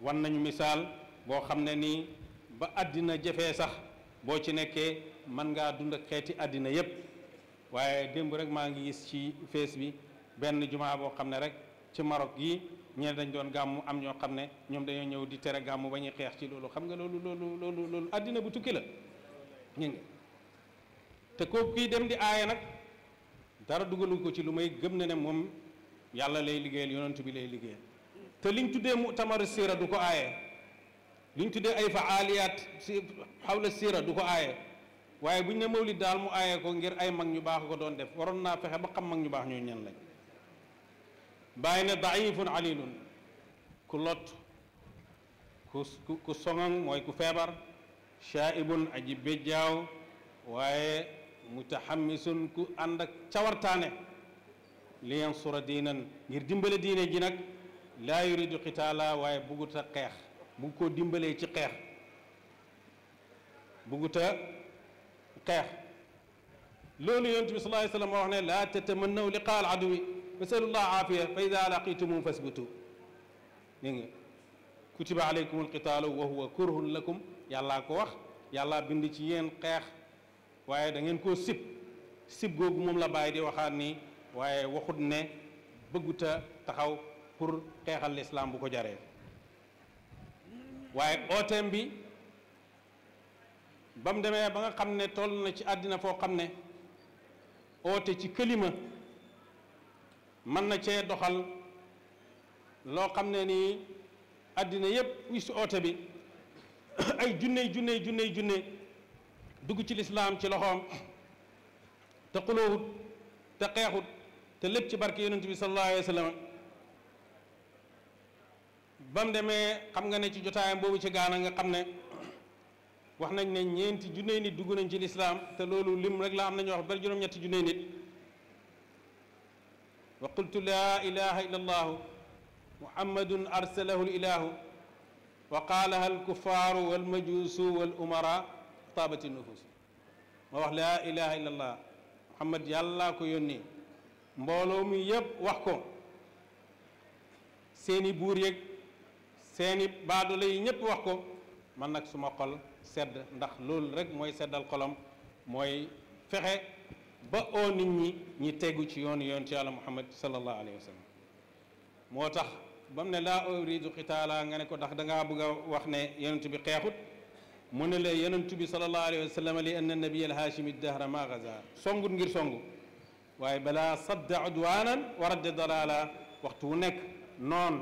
wan nañu misaal boo xam ne nii ba àddina jafee sax boo ci nekkee mën ngaa dund ak xeeti àddina yépp waaye démb rek maa ngi gis ci fees bi benn jumaa boo xam ne rek ci Maroc yi ñeneen dañ doon gàmmu am ñoo xam ne ñoom dañoo ñëw di tere gàmmu ba ñuy xeex ci loolu xam nga loolu loolu àddina bu tukki la ñu ngi te kooku kuy dem di aaya nag dara dugalu ko ci lu may gëm na ne moom yàlla lay liggéeyal yonent bi lay liggéeyal te liñ tuddee mutamar siira du ko aaye liñ tuddee ay fa si xawla siira du ko aaye waaye buñ ne mawlid daal mu aaye ko ngir ay mag ñu baax ko doon def waroon naa fexe ba xam mag ñu baax ñoo ñan lañ bàyyi ne daifun alilun ku lot ku mooy ku feebar shaaibun aji béjjaaw waaye mutahammisun ku ànd ak cawartaane li yansura diinan ngir dimbale diine ji nag laa yuridu xitaala waaye buggut a xeex bugg koo dimbalee ci xeex buggut a xeex loolu yonent bi sallallahu alayhi wa sallam wax ne laa tatamannaw liqaa al aduwi fasalullah aafiya fa ida laqitumum fasbutu dégg nga kutiba aleykum alqitaalu wa huwa kurhun lakum yàllaa ko wax yàllaa bind ci yéen xeex waaye da ngeen koo sib sib googu moom la bàyyi di waxaat nii waaye waxut ne bëgguta taxaw pour xeexal lislaam bu ko jaree waaye ooteem bi ba mu demee ba nga xam ne toll na ci àddina foo xam ne oote ci këlima mën na cee doxal loo xam ne nii àddina yépp wi si oote bi ay junney junney junney junne dugg ci lislaam ci loxoom te xuloowut te xeexut te lépp ci barke yonent bi sallallahu alayhi wa sallam ba mu demee xam nga ne ci jotaayam boobu ci gaana nga xam ne wax nañ ne ñeenti junney nit dugg nañ ci lislaam te loolu lim rek la am nañu wax bari juróom-ñetti junney nit wa qultu laa ilaha illa allahu muhammadun arsalahu lilahu wa qaalaha alkufaaru walmajuusu walumara taabati nufus ma wax laa ilaha illa allah muhammad yàllaa ko yónni mbooloo mi yépp wax ko seeni buur yëg seeni baadoolo yi ñépp wax ko man nag suma xol sedd ndax loolu rek mooy seddal xolam mooy fexe ba oo nit ñi ñi tegu ci yoon yoon ci yàlla muhammad sallallahu alayhi wa sallam moo tax ba mu ne laa uridu xitaala nga ne ko ndax dangaa bëgg a wax ne yenentu bi xeexut mu ne la yonent bi sallallahu alayhi wa sallam li anna nabiya alhaashimi dahra ma gaza songut ngir songu waaye balaa sadda udwaanan wa waxtu wu nekk noon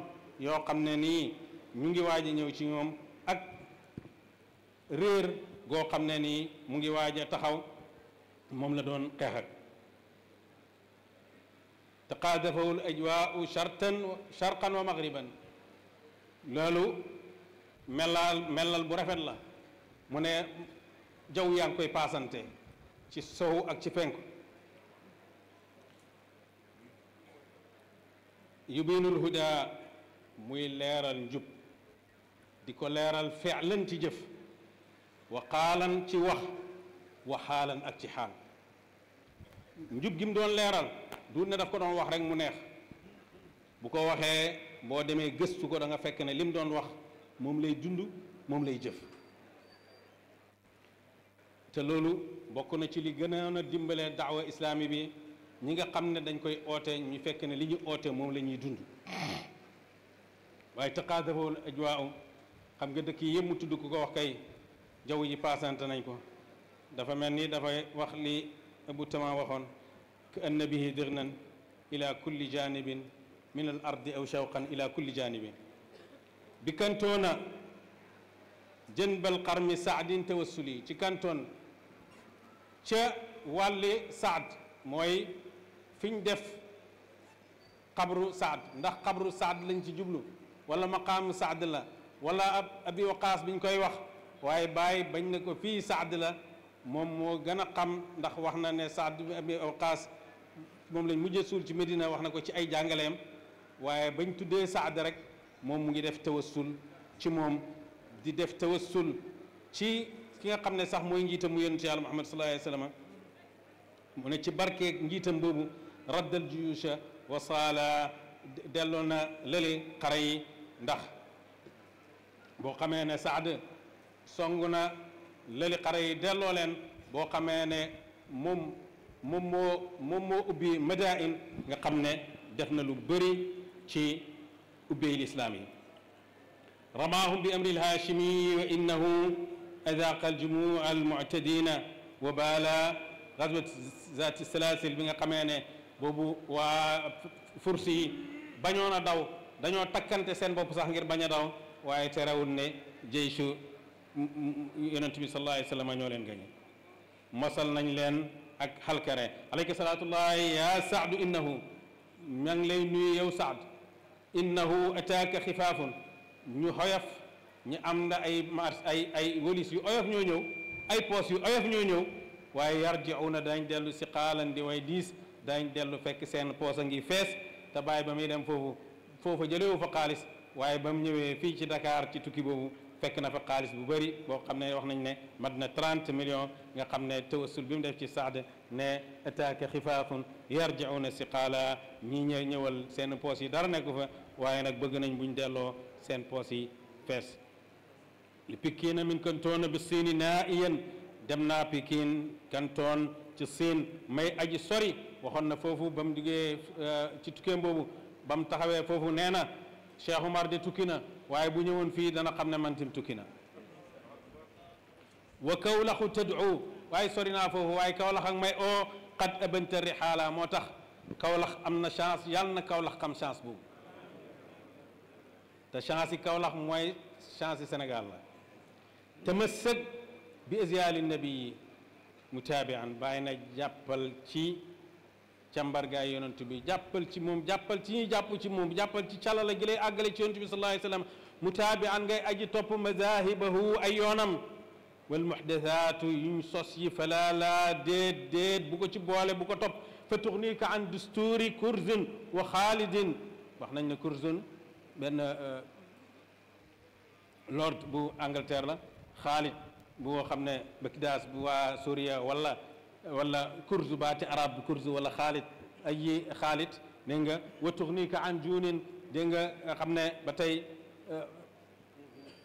yoo xam ne nii ñu ngi waaj a ñëw ci ñoom ak réer goo xam ne nii mu ngi waaja taxaw moom la doon xeex ak taqaadafahu l shartan sharqan wa maghriban loolu melal melal bu rafet la mu ne jaw yaa ngi koy paasante ci sow ak ci penku yubinul huda muy leeral njub di ko leeral feelan ci jëf wa xaalan ci wax wa xaalan ak ci xaal njub gi mu doon leeral du ne daf ko doon wax rek mu neex bu ko waxee boo demee gëstu ko danga nga fekk ne li mu doon wax moom lay dund moom lay jëf te loolu bokk na ci li gënoon a dimbalee daawa islaami bi ñi nga xam ne dañ koy oote ñu fekk ne li ñu oote moom lañuy ñuy dund waaye taqaadafawul ajwaa xam nga dëkk yëpp mu tudd ku ko wax kay jaww ji paasante nañ ko dafa mel ni dafay wax li abu tama waxoon ka anna bihi dirnan ila kulli janibin min al ardi aw shawqan ila kulli janibin bi kantoona jënbal xarmi saadin tawassuli ci kantoon ca wàlli saad mooy fi ñu def xabru saad ndax xabru saad lañ ci jublu wala maqaamu saad la wala ab abi waqaas bi ñu koy wax waaye bàyyi bañ ne ko fii saad la moom moo gën a xam ndax wax na ne saad abi waqaas moom lañ mujjee suul ci Medina wax na ko ci ay jàngaleem waaye bañ tuddee saad rek moom mu ngi def tawassul ci moom di def tawassul ci ki nga xam ne sax mooy njiitam mu yonent yàlla Muhammad mu alayhi wa sallam mu ne ci barkeeg njiitam boobu raddal juyusha wa saala delloo na lële xare yi ndax boo xamee ne saad song na lëli xare yi delloo leen boo xamee ne moom moom moo moom moo ubbi madain nga xam ne def na lu bëri ci ubbey lislaam yi ramaahum bi amri lhaashimi wa innahu adaaqa aljumua almuctadina wa baala gazwat zaati salaasil bi nga xamee ne boobu waa fursi yi bañoon a daw dañoo takkante seen bopp sax ngir bañ a daw waaye terewul ne jeysu yonent bi sallallahu leen gañe mosal nañ leen ak xalkare alayka salaatullahi ya saadu innahu maa ngi lay nuyu yow saad innahu ataaka xifaafun ñu xoyof ñu am na ay mars ay ay wolis yu oyof ñoo ñëw ay poos yu oyof ñoo ñëw waaye na dañ dellu si xaalan di diis daañ dellu fekk seen poos a ngi fees te bàyyi ba muy dem foofu foofa jëlewu fa xaalis waaye ba mu ñëwee fii ci Dakar ci tukki boobu fekk na fa xaalis bu bëri boo xam ne wax nañ ne mat na 30 millions nga xam ne tawassul bi mu def ci saad ne ataaka xifaafun yarjiuna siqaala ñi ñë ñëwal seen poos yi dara nekku fa waaye nag bëgg nañ buñ delloo seen poos yi fees li pikiina min kantoona bi siini naa iyan dem naa pikiin kantoon ci siin may aji sori waxoon na foofu ba mu jugee euh, ci tukkeem boobu ba mu taxawee foofu nee na Cheikh Umar de tukki na waaye bu ñëwoon fii dana xam ne man tim tukki na wa kawlaxu tad'u waaye sori naa foofu waaye kawlax ak may oo qad abanta rixaala moo tax kawlax am na chance yàlla na kawlax kam chance boobu te chance yi kawlax mooy chance yi Sénégal la tamassak bi azyali nabi mutaabian bàyyi na jàppal ci càmbargaay yonent bi jàppal ci moom jàppal ci ñuy jàpp ci moom jàppal ci calala gi lay àggale ci yonent bi sallallahu alayhi wa sallam mutaabi an ngay aji topp mazahibahu ay yoonam wal muhdathaatu yuñ sos yi falaa laa déet bu ko ci boole bu ko topp fa tuxnika an dusturi kurzun wa xaalidin wax nañ ne kurzun benn euh, lord bu Angleterre la xaalid bu xam ne Bakdaas bu waa Suuriya wala wala kurzu baati arab kurzu walla xaalit ay xaalit dégg nga wa tuxnika an juunin dégg nga xam ne ba tey euh,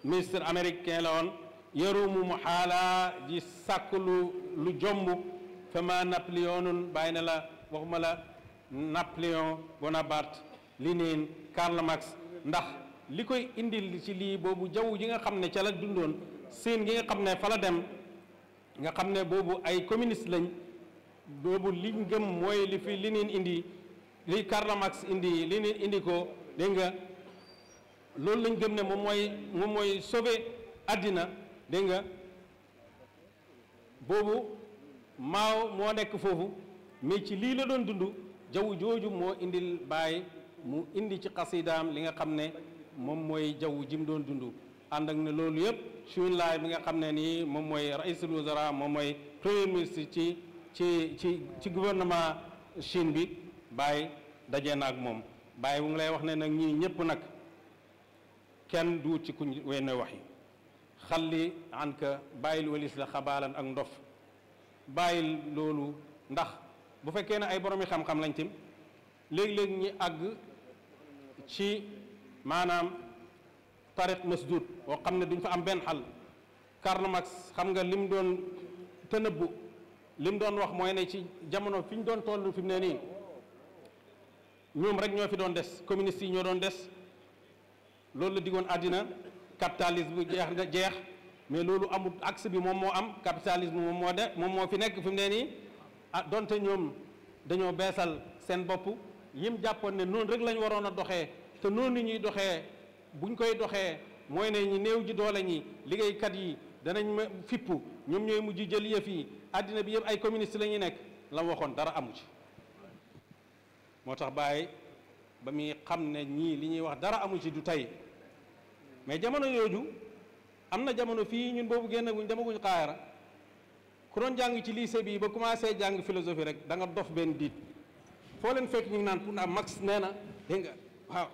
ministre américain la woon yarumu mu xaala ji sàkk lu lu jomb fama napoléonun bàyyi na la waxuma la napoléon bonaparte Lénine Karl ndax li koy indi ci lii boobu jaw ji nga xam ne ca la dundoon seen gi nga xam ne fala dem nga xam ne boobu ay communiste lañ boobu liñ gëm mooy li fi Lénine indi li Karl Marx indi Lénine indi ko dégg loolu lañ gëm ne moom mooy moom mooy sauver àddina dégg nga boobu Mao moo nekk foofu mais ci lii la doon dund jaww jooju moo indil Baay mu indi ci xasidaam li nga xam ne moom mooy jaww ji mu doon dund ànd ak ne loolu yëpp Chouine bi nga xam ne nii moom mooy raisul wuzara moom mooy premier ministre ci ci ci ci gouvernement Chine bi Baye daje na ak moom Baye bu ngi lay wax ne nag ñii ñëpp nag kenn du ci ku kuñ wenn wax yi li anka bàyyil walis la xabaalan ak ndof bàyyil loolu ndax bu fekkee ne ay boromi xam-xam lañ tim léegi léeg ñi àgg ci maanaam tariq masdud boo xam ne duñ fa am benn xal Karl Marx xam nga lim doon tënëbbu lim doon wax mooy ne ci jamono fi ñu doon toll fi mu ne nii ñoom rek ñoo fi doon des communistes yi ñoo doon des loolu la diggoon àddina capitalisme jeex na jeex mais loolu amul axe bi moom moo am capitalisme moom moo de moom moo fi nekk fi mu ne nii ah donte ñoom dañoo beesal seen bopp yim jàppoon ne noonu rek lañu waroon a doxee te noonu ñuy doxee buñ koy doxee mooy ne ñi néew ji doole ñi liggéeykat yi danañ ma fippu ñoom ñooy mujj jël yëf yi àddina bi yëpp ay communiste la ñuy nekk la waxoon dara amu ci moo tax Baye ba muy xam ne ñii li ñuy wax dara amu ci du tey mais jamono yooju am na jamono fii ñun boobu génn guñ demaguñ xaayara ku doon jàng ci lii lycée yi ba commencé jàng philosophie rek danga nga dof benn diit foo leen fekk ñu ngi naan pour na Marx nee na dégg nga waaw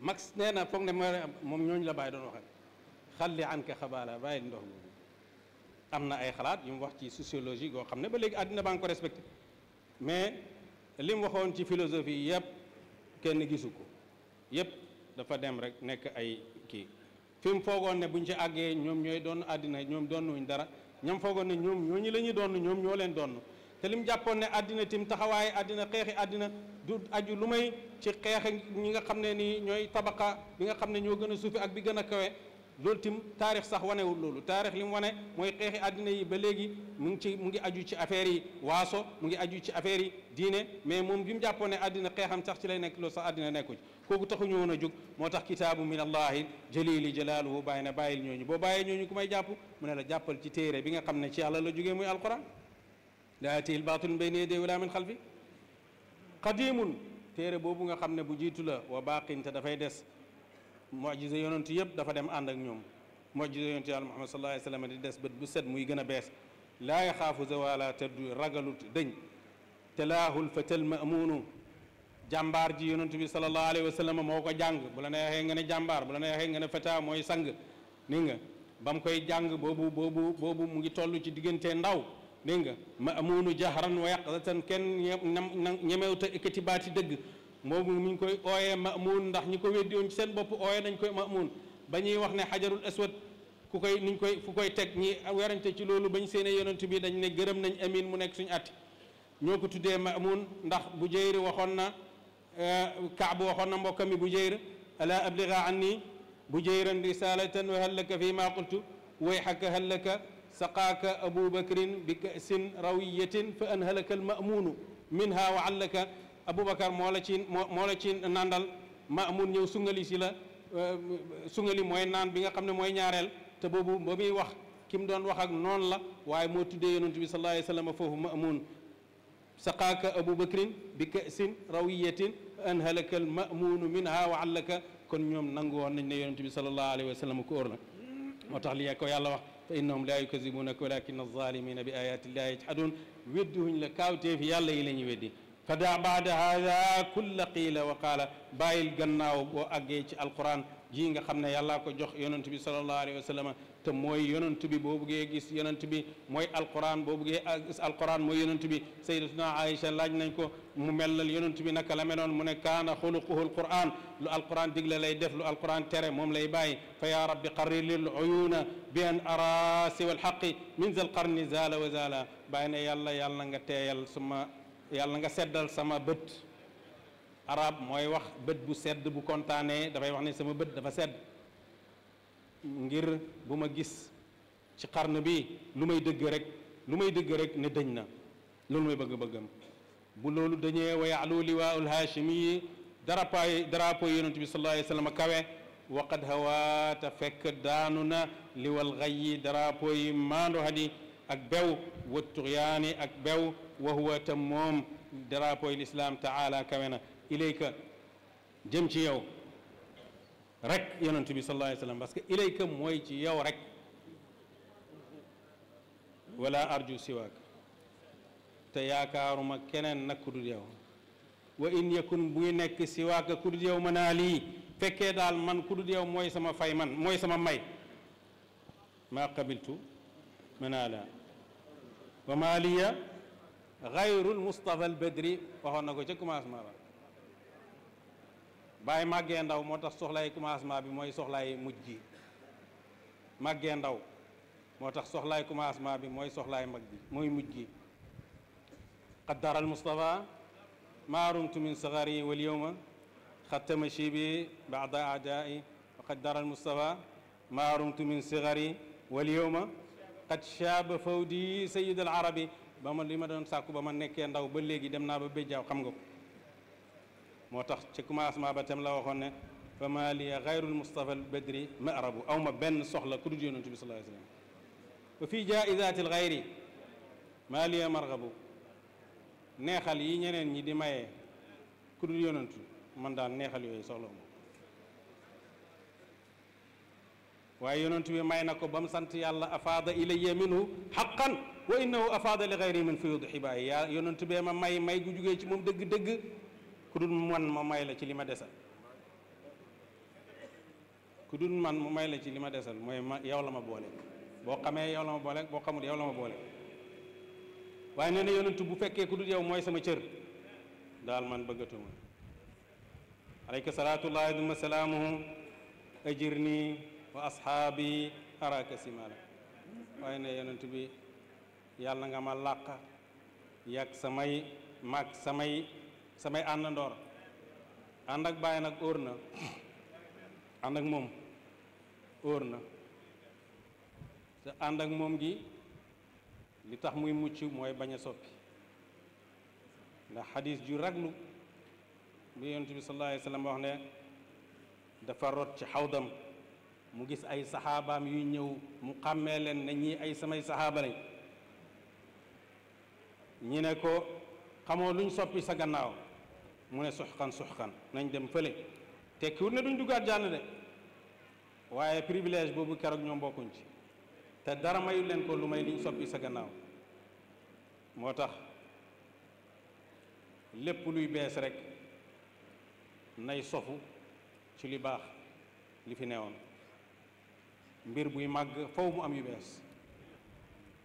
max nee na foog ne moom ñooñu la bàyyi doon waxal xalli an ka xabaala bàyyi ndox mi am na ay xalaat yu mu wax ci sociologie goo xam ne ba léegi àddina baa ngi ko respecté mais li mu waxoon ci philosophie yëpp kenn gisu ko yëpp dafa dem rek nekk ay kii fi mu foogoon ne bu buñ ci àggee ñoom ñooy doon àddina ñoom doon wuñ dara ñoom foogoon ne ñoom ñooñu la ñuy doon ñoom ñoo leen doon te lim jàppoon ne àddina tim taxawaaye àddina xeexi àddina du aju lu may ci xeex ñi nga xam ne nii ñooy tabaqa bi nga xam ne ñoo gën a suufi ak bi gën a kawe loolu tim taarix sax wanewul loolu taarix li mu wane mooy xeexi àddina yi ba léegi mu ngi ci mu ngi aju ci affaire yi waaso mu ngi aju ci affaire yi diine mais moom bi mu jàppoon ne àddina xeexam sax ci lay nekk loolu sax àddina nekku ci kooku taxuñu woon a jóg moo tax kitaabu min allahi jalili jalaaluhu bàyyi na bàyyil ñooñu boo bàyyee ñooñu ku may jàpp mu ne la jàppal ci téere bi nga ne ci yàlla la jógee muy alquran laa yatihi l-baatilu min bayni yadayhi wala min xalfi téere boobu nga xam ne bu jiitu la wa baaqin dafay des mojise yonent yëpp dafa dem ànd ak ñoom mojise yonent yàlla Muhammad sallallahu wa sallam di des bët bu set muy gën a bees laa yaxaafu zawaala te du ragalut dëñ te laahul fatal mamuunu jàmbaar ji yonent bi sallallahu alayhi wa sallam moo ko jàng bu la neexee nga ne jàmbaar bu la neexee nga ne fata mooy sang ni nga ba mu koy jàng boobu boobu boobu mu ngi toll ci diggante ndaw dégg nga ma amuunu jaxran wa yaqdatan kenn ñemewta ikkati baati dëgg moomu mi ngi koy ooyee mamuun ndax ñi ko weddi ci seen bopp ooyee nañ koy mamuun ba ñuy wax ne xajarul aswad ku koy nuñ koy fu koy teg ñi werante ci loolu bañ seen yonent bi dañ ne gërëm nañ amin mu nekk suñu atti ñoo ko tuddee mamuun ndax bu jayri waxoon na euh, kaab waxoon na mbokka mi bu jayr ala abliga anni bu jayran risalatan wa hallaka fi ma qultu wayxaka hallaka saqaaka abu bakrin bi kasin rawiyatin fa anhalaka almamuunu minha wa allaka aboubacar moo la ci moo la ci nandal mamuun ñëw sungali si la euh, sungali mooy naan bi nga xam ne mooy ñaareel te boobu ba muy wax ki mu doon wax ak noon la waaye moo tuddee yonent bi sallallahu alayhi wa sallam foofu mamuun saqaaka abu bakrin bi kasin rawiyatin fa anhalaka almamuunu minha wa allaka kon ñoom nangu woon nañ ne yonent bi sallallahu alayhi wa sallam ku óor la moo tax li ko yàlla wax fa innahum laa yukazibuunaka walakin alzalimina bi ayati illahi yajhadun weddiwuñ la kaawteefi yàlla yi la ñuy weddi fa daa baada hada kulla qiila wa qaala bàyyil gannaaw boo àggee ci alquran ji nga xam ne yàllaa ko jox yonent bi sallallahu alayhi wa sallam te mooy yonent bi boo buggee gis yonent bi mooy alquran boo buggee gis alquran mooy yonent bi sayyidatuna Aïcha laaj nañ ko mu mellal yonent bi naka la meloon mu ne kaana xuluquhu alquran lu alquran digle lay def lu alquran tere moom lay bàyyi fa ya rabbi qarrir lil uyuna bi an arasi walxaqi min zal qarni zala wa zala bàyyi ne yàlla yàlla nga teeyal suma yàlla nga seddal sama bët arab mooy wax bët bu sedd bu kontaanee dafay wax ne sama bët dafa sedd ngir bu ma gis ci xarn bi lu may dëgg rek lu may dëgg rek ne dëñ na loolu may bëgg-bëggam bu loolu dañee wa yalu liwaul haachimi yi darapaay darapo yonent bi sallallahu alayhi wa sallam kawe fekk daanu na liwa xay yi darapo maandu hadi ak bew wa tuxyaani ak bew wa huwa tam moom darapo yi taala kawe ilayka jëm ci yow rek yonent bi sallallahu alayhi wa sallam parce que ilayka mooy ci yow rek wala arju siwaak te yaakaaruma keneen nag ku dul yow wa in yakun buy nekk siwaaka ku dul yow mën naa lii fekkee daal man ku dul yow mooy sama fay man mooy sama may maa qabiltu mënaa la wa maa liya gayrul mustafa al badri waxoon na ko ca commencement ba bàyyi màggee ndaw moo tax soxlaay commencement bi mooy soxlaay mujj gi màggee ndaw moo tax soxlaay commencement bi mooy soxlaay mag bi mooy mujj gi qaddaral Mustafa maarumtu min sagari wal yowma chi bi baada aadai wa qaddaral Mustafa maarumtu min sagari wal yowma qad shaaba fawdi sayid al arabi ba ma li ma doon sàkku ba ma nekkee ndaw ba léegi dem naa ba béjjaaw xam nga ko moo tax ci commencement ba tam la waxoon ne fa maa liya xayrul mustafa al badri marabu aw ma benn soxla ku dul yonent bi sallallahu alayhi wa sallam wa fii jaaizaati al xayri maa liya marxabu neexal yi ñeneen ñi di maye ku dul yonent man daan neexal yooyu soxla uma waaye yonent bi may na ko ba mu sant yàlla afaada ilayya minhu xaqan wa innahu afaada li xayri min fi yudxi bàyyi yaa yonent bee ma may may gu jugee ci moom dëgg-dëgg ku dul man ma ci li ma ku dul man mu may la ci li ma desal mooy ma yow la ma boole boo xamee yow la ma boole boo xamul yow la ma boole waaye nee na yonentu bu fekkee ku dul yow mooy sama cër daal man bëggatuma aleyka salaatullahi duma salaamuhu ajirni wa ashaabi araka simala waaye ne yonent bi yàlla nga ma làq yàgg samay mag samay samay àndandoor ànd ak bàyyi nag óor na ànd ak moom óor na te ànd ak moom gi li tax muy mucc mooy bañ a soppi ndax xadis ju lu bi yonent bi sallallahu alayhi wasallam ne dafa ci xawdam mu gis ay saxaabaam yuy ñëw mu xàmmee leen ne ñii ay samay saxaaba lañ ñi ne ko xamoo luñ soppi sa gannaaw mu ne suxkan suxkan nañ dem fële tekkiwut ne duñ duggaat jànn de waaye privilège boobu keroog ñoom bokkuñ ci te dara mayu leen ko lu may liñ soppi sa gannaaw moo tax lépp luy bees rek nay sofu ci li baax li fi newoon mbir buy màgg faw mu am yu bees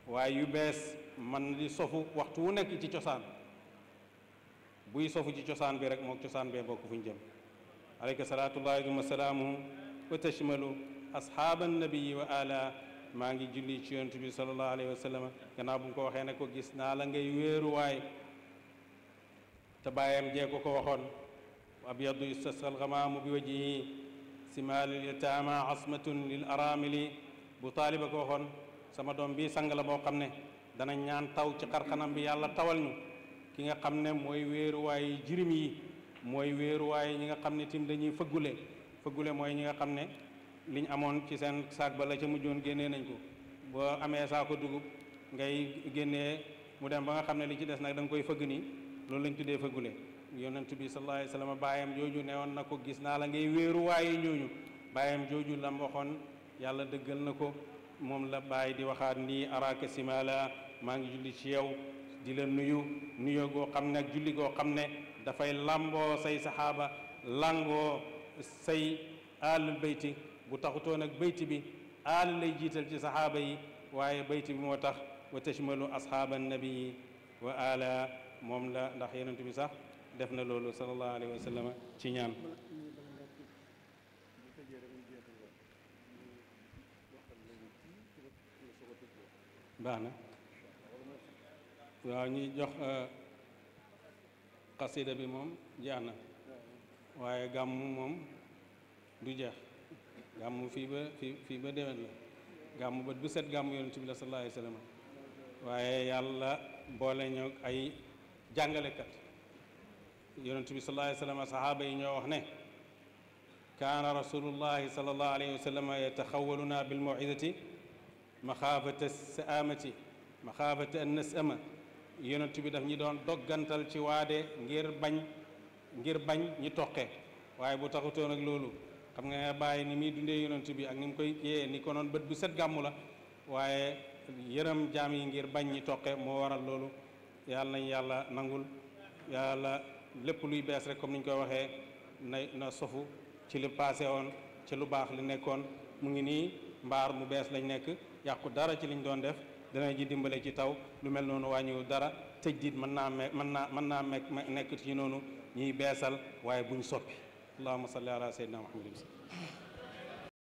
waaye yu bees man di sofu waxtu wu nekk ci cosaan buy sofu ci cosaan bi rek mook cosaan bee bokk fu ñu jëm aleyka salaatullahi wa salaamuhu wa tashmalu ashaaba nabiyi wa ala maa ngi julli ci yonent bi salallahu alayhi wa sallam gannaaw bu mu ko waxee ne ko gis naa la ngay wéeruwaay te bàyyam jee ko ko waxoon abyadu istasqal xamaamu bi wajhihi simaalil yataama asmatun lil aramili bu taaliba ko waxoon sama doom bi sang la boo xam ne dana ñaan taw ci xarxanam bi yàlla tawal ñu ki nga xam ne mooy wéeruwaay jirim yi mooy wéeruwaay ñi nga xam ne tiim dañuy fëggule fëggule mooy ñi nga xam ne liñ amoon ci seen saak ba la ca mujjoon génnee nañ ko boo amee saako dugub ngay génnee mu dem ba nga xam ne li ci des nag da nga koy fëgg nii loolu lañ tuddee fëggule yonent bi sallallahu alayhi wa sallam baayam jooju newoon na ko gis naa la ngay wéeru wéeruwaaye ñooñu baayam jooju lam waxoon yàlla dëggal na ko moom la baay di waxaat nii araka simala maa ngi julli ci yow di la nuyu nuyoo goo xam ne ak julli goo xam ne dafay làmboo say saxaaba làngoo say aalul bayti bu taxutoon ak bayti bi aal lay jiital ci saxaaba yi waaye bayti bi moo tax wa tashmalu asxaaba nabii wa ala moom la ndax yonent bi sax def na loolu sallallahu alayhi wa sallam ci ñaan waaw ñuy jox euh, xasida bi moom jeex na waaye gàmmu moom du jeex gàmmu fii ba fii fii ba déwén la gàmmu bët bu set gàmmu yonent bi la sallallahu alayhi wa sallam waaye yàlla boole ñoo ay jàngalekat yonent bi sallallahu alayhi wa yi ñoo wax ne kaana rasulullahi sallallahu alayhi wa sallam yataxawaluna bilmawidati maxaafata saamati maxaafata an yonent bi daf ñi doon doggantal ci waade ngir bañ ngir bañ ñi toqe waaye bu taxutoon ak loolu xam nga bàyyi ni muy dundee yonent bi ak ni mu koy yee ni ko noon bët bu set gàmmu la waaye yërëm jaam yi ngir bañ ñi toqe moo waral loolu yàlla nañ yàlla nangul yàlla lépp luy bees rek comme ni ñu koy waxee na na sofu ci li paase woon ci lu baax li nekkoon mu ngi nii mbaar mu bees lañ nekk yàqu dara ci liñ doon def dana ji dimbale ci taw lu mel noonu waa wàññiwul dara tëj diit mën naa me mën naa mën naa mekk nekk ci noonu ñuy beesal waaye buñ soppi allahuma a ala sayyidina muhammadin